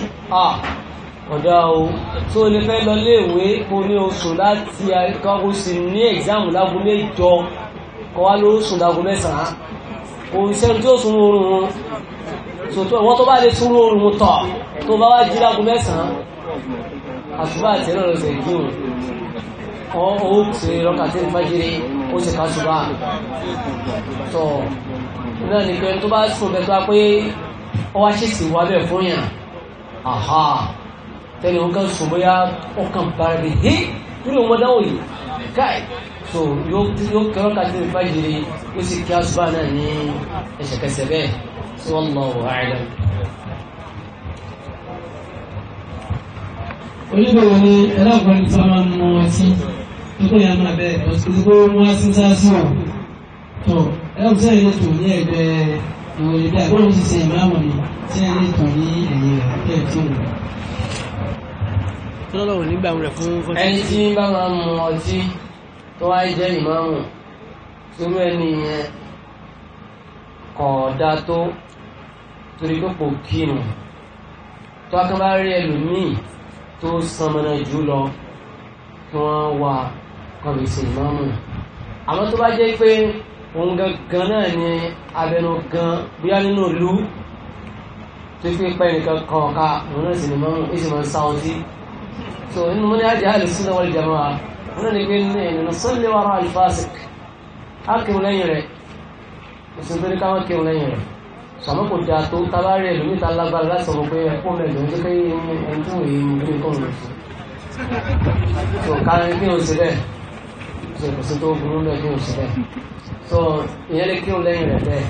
à ọ̀dá o tó lè fẹ́ lọ léèwé o ní oṣù láti kọ́kọ́ sí ní ẹ̀gzáàmù lágo mẹ́jọ kọ́ wá ló sùn lágo mẹ́sàn-án òṣìṣẹ́ tí ó sun oorun wọn sòtò ẹ̀wọ́n tó bá lè sun oorun tọ̀ tó bá wá jí lágo mẹ́sàn-án àṣùbà àti ẹ̀rọ rẹ̀ sẹ̀ o òun ó ṣe rọ́kà tí ń fájírí ó sì ká ṣùgbà tó náà ní pé tó bá sùn bẹ́ẹ̀ tó bá pé ọ wá ṣèṣì wá bẹ́ẹ̀ fún yàn àhà tẹ́lẹ̀ wọn kàn sùn bóyá wọn kàn bára bí hí nínú wọn dáwọ̀ yìí káì so yóò kẹrọ káàkiri ìfàjìrì yóò sì kí àṣùbà náà ní ẹsẹ̀kẹsẹ̀ bẹ́ẹ̀ sí wọn lọ wọ àìlẹ. oníbẹ̀wò ni ẹlẹ́gbẹ̀rún tí wọ́n máa ń mú ọtí nígbà yẹn máa bẹ́ẹ̀ ọtí gbogbo wọn sí sáà ẹ̀rọ tí ẹ̀yẹ tò ní ẹgbẹ́ ìwọ̀n ìdí àgbọ̀n ti ṣe ìmáàmù ni tí ẹ̀yẹ tò ní ẹ̀yẹ rẹ̀ tó wù. tọ́lọ́wọ̀ nígbà rẹ̀ fún ọtí. ẹni tí bá máa mu ọtí tó wáyé jẹ́ ìmáàmù torí ẹni yẹn kọ̀ọ̀dá tó torí pé kò kínu tó a kan bá rí ẹlòmíì tó sanmọ́nà jù lọ kí wọ́n wà kọ́bí sí ìmáàmù àmọ́ tó bá jẹ́ pé òun gangan náà ni abẹnú gan bóyá nínú ìlú tó fi pẹ́ nìkan kan ọ̀ka òun náà sì ni mọ́mú èsì máa ń sí so inú mọ́ni àjẹ́ àlè sínú wal jamaa wọn náà ni pé nínú sọ́lé wàrà alifásik á kí wọn lẹ́yìn rẹ̀ òsì tó ní ká wọn kí wọn lẹ́yìn rẹ̀ sọ̀mọ́ kò dáa tó tábàárẹ̀ lómi ta lágbára láti sọ̀rọ̀ pé ẹ̀kọ́ mẹ́lẹ̀ ló ń ẹni tó wòye ní ilé kọ́ ọ̀rọ̀ so ká ní kí wọn sì bẹ́ẹ̀ so kò sí tó burú náà tó ń ṣe bẹ́ẹ̀ so ìyẹn lè kírun lẹ́yìn rẹ̀ bẹ́ẹ̀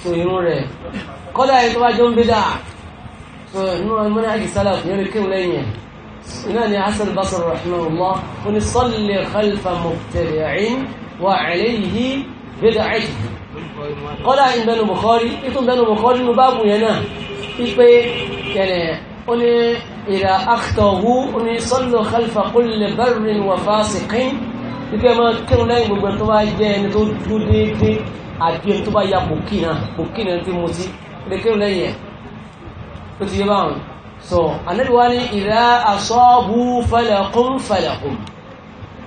so irun rẹ̀ kọ́dà yìí tó bá jó ń bí dáa so inú ọmọ náà kì í sálà ìyẹn lè kírun lẹ́yìn yẹn iná ni hasan basir rahimahullah ó ní salli khalfa mubtadi'in wa alayhi bid'ah kọ́dà yìí bẹnu Bukhari ìtún bẹnu Bukhari nínú báàbù yẹn náà ipe kẹlẹ̀ ó ní ìrà akhtahu ó ní sallu khalfa kulli barrin wa fasiqin ibi ẹ̀ máa kírun lẹ́yìn gbogbo ẹni tó bá jẹ́ ẹni tó dúró déédéé àbí ẹni tó bá ya pòkì náà pòkì náà ti mu sí ilé kírun lẹ́yìn ẹ̀ tó ti yé báwọn sọ ànábi wá ní ìlà asọ́ọ̀bù falakum falakum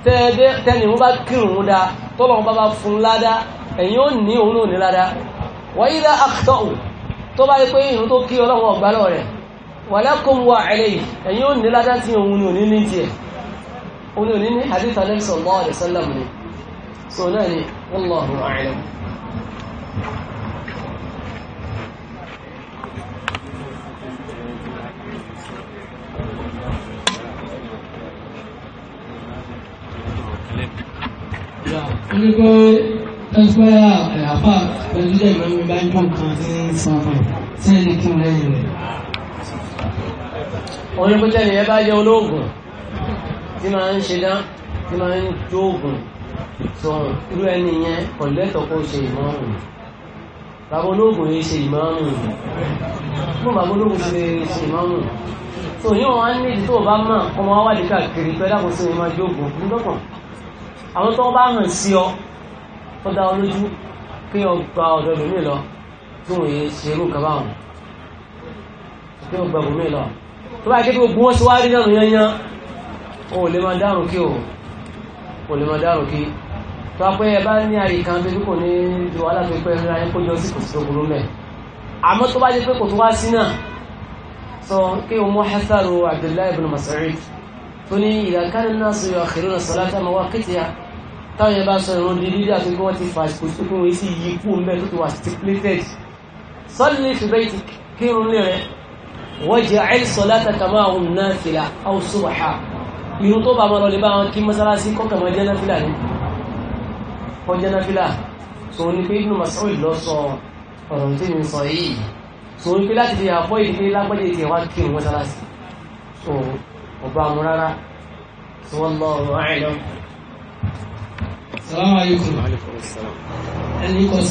tẹ́ni wọ́n bá kírun da tọ́lọ́ wọn bá bá fún ládá ẹ̀yin ó ní òun náà ní ládá wọ́n yí dá akitọ́ọ̀ tó bá yẹ pé ìrún tó kí ọlọ́wọ́ ọ̀gbálọ̀ rẹ̀ walakum wà ẹ̀lẹ́yìn ẹ̀yin ó ní ládá tí òun ní ní tiẹ̀ òun ò ní ní hadith Ànábì sallallahu alaihi wasallam ni so náà ni wallahu a'lam ní pé tẹ́sípẹ́yà àyàfà pẹ̀lú jẹ́ ìgbẹ̀mí bá ń dùn kan sí sanfẹ̀ tí ẹni kí n lẹ́yìn rẹ̀. òun ni tí máa ń ṣe dán tí máa ń jóògùn tó irú ẹni yẹn pẹ̀lú ẹ̀tọ́ kó ṣe ìmọ̀ràn bàbá olóògùn yìí ṣe ìmọ̀ràn fún bàbá olóògùn ṣe ṣe ìmọ̀ràn tó yíò wọn ní ìdí tó bá mọ̀ kó máa wà níkà kiri pé dákun sí ìmọ̀ jóògùn fún dọ́kàn àwọn tó bá hàn sí ọ ó dá ọ lójú pé ọ gba ọ̀dọ́ lómi lọ tó wọ́n yẹ ṣe irú nǹkan báwọn pé ọ lómi lọ tó bá yẹ kí gbogbo wọn ṣe wá rí náà yányán o lè máa dárùn kí o o lè máa dárùn kí tó a pé ẹ bá ní àyè kan tó kò ní ju wàhálà tó pẹ́ ńlá ẹ àmọ́ tó bá jẹ́ pé kò tó wá sí náà sọ kí o mú hasan o abdullahi ibn tó ní ìdàkánì náà sọ yọ àkèrè náà sọlá tá wá kéde táwọn yẹn sọ ìrún di dídí àti pé ti fà tó ti irun tó bá wọn lọ lè bá wọn kí mọ́sálásí kọ́kàn mọ́ jẹ́nàfílà ní wọ́n jẹ́nàfílà tó ní pé Ibn Mas'ud lọ sọ ọ̀rọ̀ tí mi sọ yìí tó ní pé láti fi àfọ́ ìdí pé lápẹ́jẹ́ ti wá kí mọ́sálásí tó ọba mu rárá tí wọ́n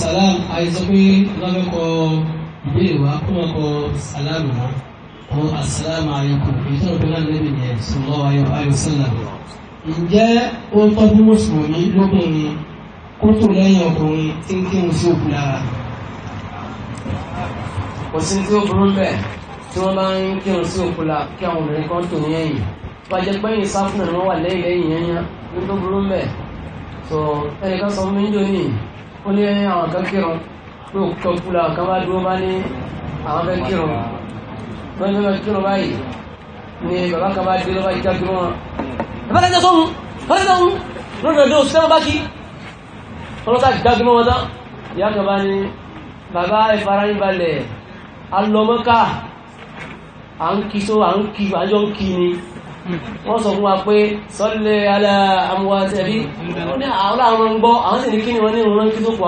salam àìsọ àwọn asalaamu alaykum èyí tó rọ̀bí láti lẹ́bi yẹn sọ̀rọ̀ ayé ayé sẹ́là. ǹjẹ́ ó tọ́ fún mùsùlùmí lóbìnrin kó tó lẹ́yìn ọkùnrin tí ń kírun sí òkú lára. kò sí tí ó burú bẹ́ẹ̀ tí wọ́n bá ń kírun sí òkú la kí àwọn obìnrin kan tò ní ẹ̀yìn bàjẹ́ pẹ́yìn sáfúnà ni wọ́n wà lẹ́yìn lẹ́yìn yẹn yẹn ní tó burú bẹ́ẹ̀ tó ẹnìkan sọ fún lónìí ó ní àwọn kan kírun pé òkú kan kú la kan bá dúró bá ní àwọn fẹ́ kírun wọ́n ní mẹ́rin ni bàbá kan bá dé lọ́wọ́ ìjà dúró wọn. bàbá kan jẹ́ sóhun bàbá kan sóhun lórí ọ̀dọ́ òsì tẹ́wọ́n bá kí. wọ́n sá dá dúró wọn tán ìyá kan bá ní bàbá ìfara yín balẹ̀ alọ́mọ́ká à ń kí só ni wọ́n sọ fún wa pé sọ́lẹ̀ alẹ́ amúwa tẹ̀bí wọ́n ní àwọn àwọn ń gbọ́ àwọn sì ní kí ni wọ́n ní ìrún náà kí tó kù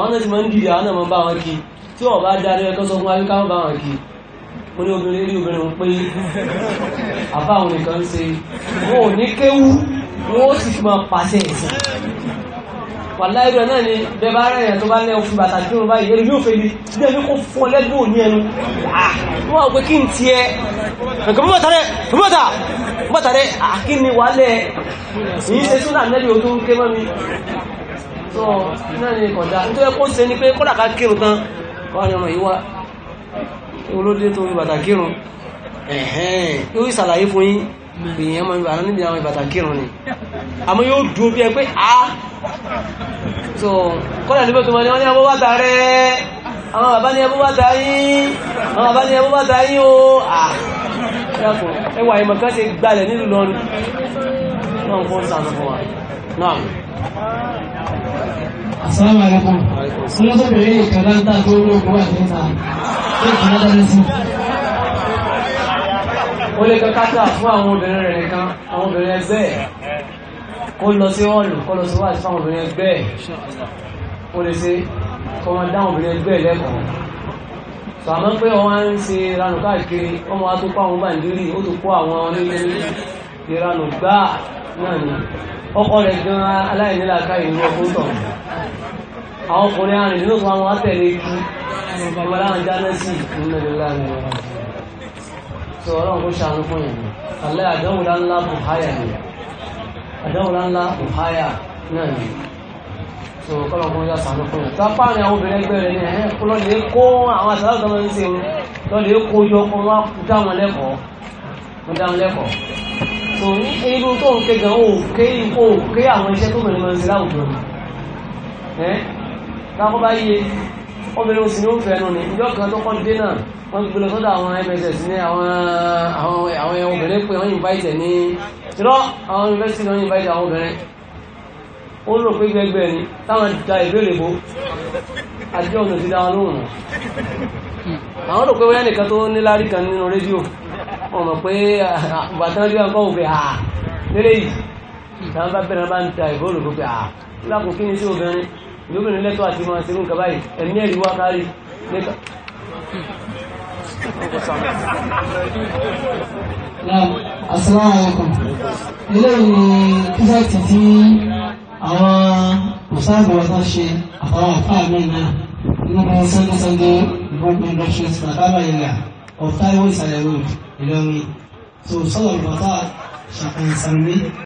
àwọn tí mo ní obìnrin rí obìnrin ń pé àbá àwọn nìkan ṣe wọn ò ní kéwú wọn ó sì fi máa pàṣẹ ẹ̀sìn wàlá irú ẹ̀ náà ni bẹ́ẹ̀ bá rẹ̀ yẹn tó bá lẹ́wọ́ fún bàtà dúró báyìí ẹni yóò fèlè díẹ̀ ní kò fún ọ lẹ́gbẹ̀ẹ́ òní ẹnu wọ́n àwọn pé kí n tiẹ̀ nǹkan bí bàtà rẹ̀ bí bàtà bàtà rẹ̀ àkí ni wàálẹ̀ yìí ṣe tún náà lẹ́bi òtún ké mọ́ mi tó náà ni kọ̀dá nítorí kó ṣe ni pé kọ́dà ká kírun tán wọ́n á ọmọ yìí wá olóde tó fi bàtà kírun ẹ̀hẹ́n yóò ṣàlàyé fún yín ìyẹn mọ́ ìbànú níbi àwọn ìbàtà kírun ni àmọ́ yóò dúó bí ẹ pé a so kọ́lá níbi tó mọ́ ní wọ́n ní abọ́ bàtà rẹ̀ àwọn bàbá ní abọ́ bàtà yín àwọn bàbá ní abọ́ bàtà yín o à ẹ̀kùn ẹwà ìmọ̀ kan ṣe gbalẹ̀ nílùú lọ́rùn náà ń kó sànù fún wa náà Assalamu alaikum. Wọ́n tó bèèrè ìkàdáńtà tó lóògùn wà níta. Ṣé ìkàdáńtà ní sí? Ó lè kọ kátà fún àwọn obìnrin rẹ̀ nìkan, àwọn obìnrin ẹgbẹ́ ẹ̀. Kó lọ sí ọ̀lù, kó lọ sí wáàsí fún àwọn obìnrin ẹgbẹ́ ẹ̀. Ó lè ṣe kọ́ máa dáhùn obìnrin ẹgbẹ́ ẹ̀ lẹ́kọ̀ọ́. Sọ àmọ́ pé wọ́n máa ń ṣe ìranù káàkiri, wọ́n máa tó kó àwọn bàǹdírì, ó tó kó àwọn onílé ìranù gbáà náà ni ọkọ rẹ̀ gan aláìníláàká ìlú ọkùnrin tọ̀ àwọn ọkùnrin arìn nínú fún àwọn atẹ̀lé kí ìwà láwọn jáná sí ìpínlẹ̀ ìlà rẹ̀ sọ ọlọ́run kó ṣàánú fún yìí alẹ́ àdánwòlá ńlá buhaya ni àdánwòlá ńlá buhaya náà ni so kọ́lọ̀ kó yá ṣàánú fún yìí tápá ni àwọn obìnrin ẹgbẹ́ rẹ̀ ni ẹ̀ kó lọ́dẹ̀ kó àwọn àṣàlọ́ tó máa ń ṣe lọ́dẹ̀ kó yọ ọkùnrin wá dáwọn lẹ́kọ̀ọ́ tó ń irú tó ń ké gan òkè ikú òkè àwọn iṣẹ́ tó bẹ̀rẹ̀ mọ́sí láwùjọ ni ẹ́ lákọ́ bá ni ìjọ kan tó kọ́ dé náà wọ́n ti gbélé sọ́dọ̀ àwọn mss ní àwọn àwọn obìnrin pé wọ́n invite ní tìrọ́ àwọn university invite àwọn obìnrin ó rò pé gbẹgbẹ ni táwọn da ìbéèrè bó àjọ ọ̀nà ti dá wọn lóhùn àwọn rò pé wọ́n yẹn nìkan tó níláárí kan nínú rédíò ọmọ pé àgbàtàn rí ọkọ̀ òfin àà nílé yìí táwọn bá bẹ̀rẹ̀ bá ń ta ìbóòlù gbogbo àà lápò kí ni sí obìnrin lóbìnrin lẹ́tọ́ àti máa ṣe nǹkan báyìí ẹ̀mí ẹ̀rí wá kárí lẹ́tọ́. asalaamualeykum eléyìí ni kíṣàtì tí àwọn mùsáàbù ọ̀sán ṣe àtàwọn àfáà mi náà nínú sunday sunday ìbọn production sàkábà ìlà ọ̀táwó ìsàlẹ̀ road. Ìlọrin tó sọ́wọ́n bàbá ṣàkànṣàmí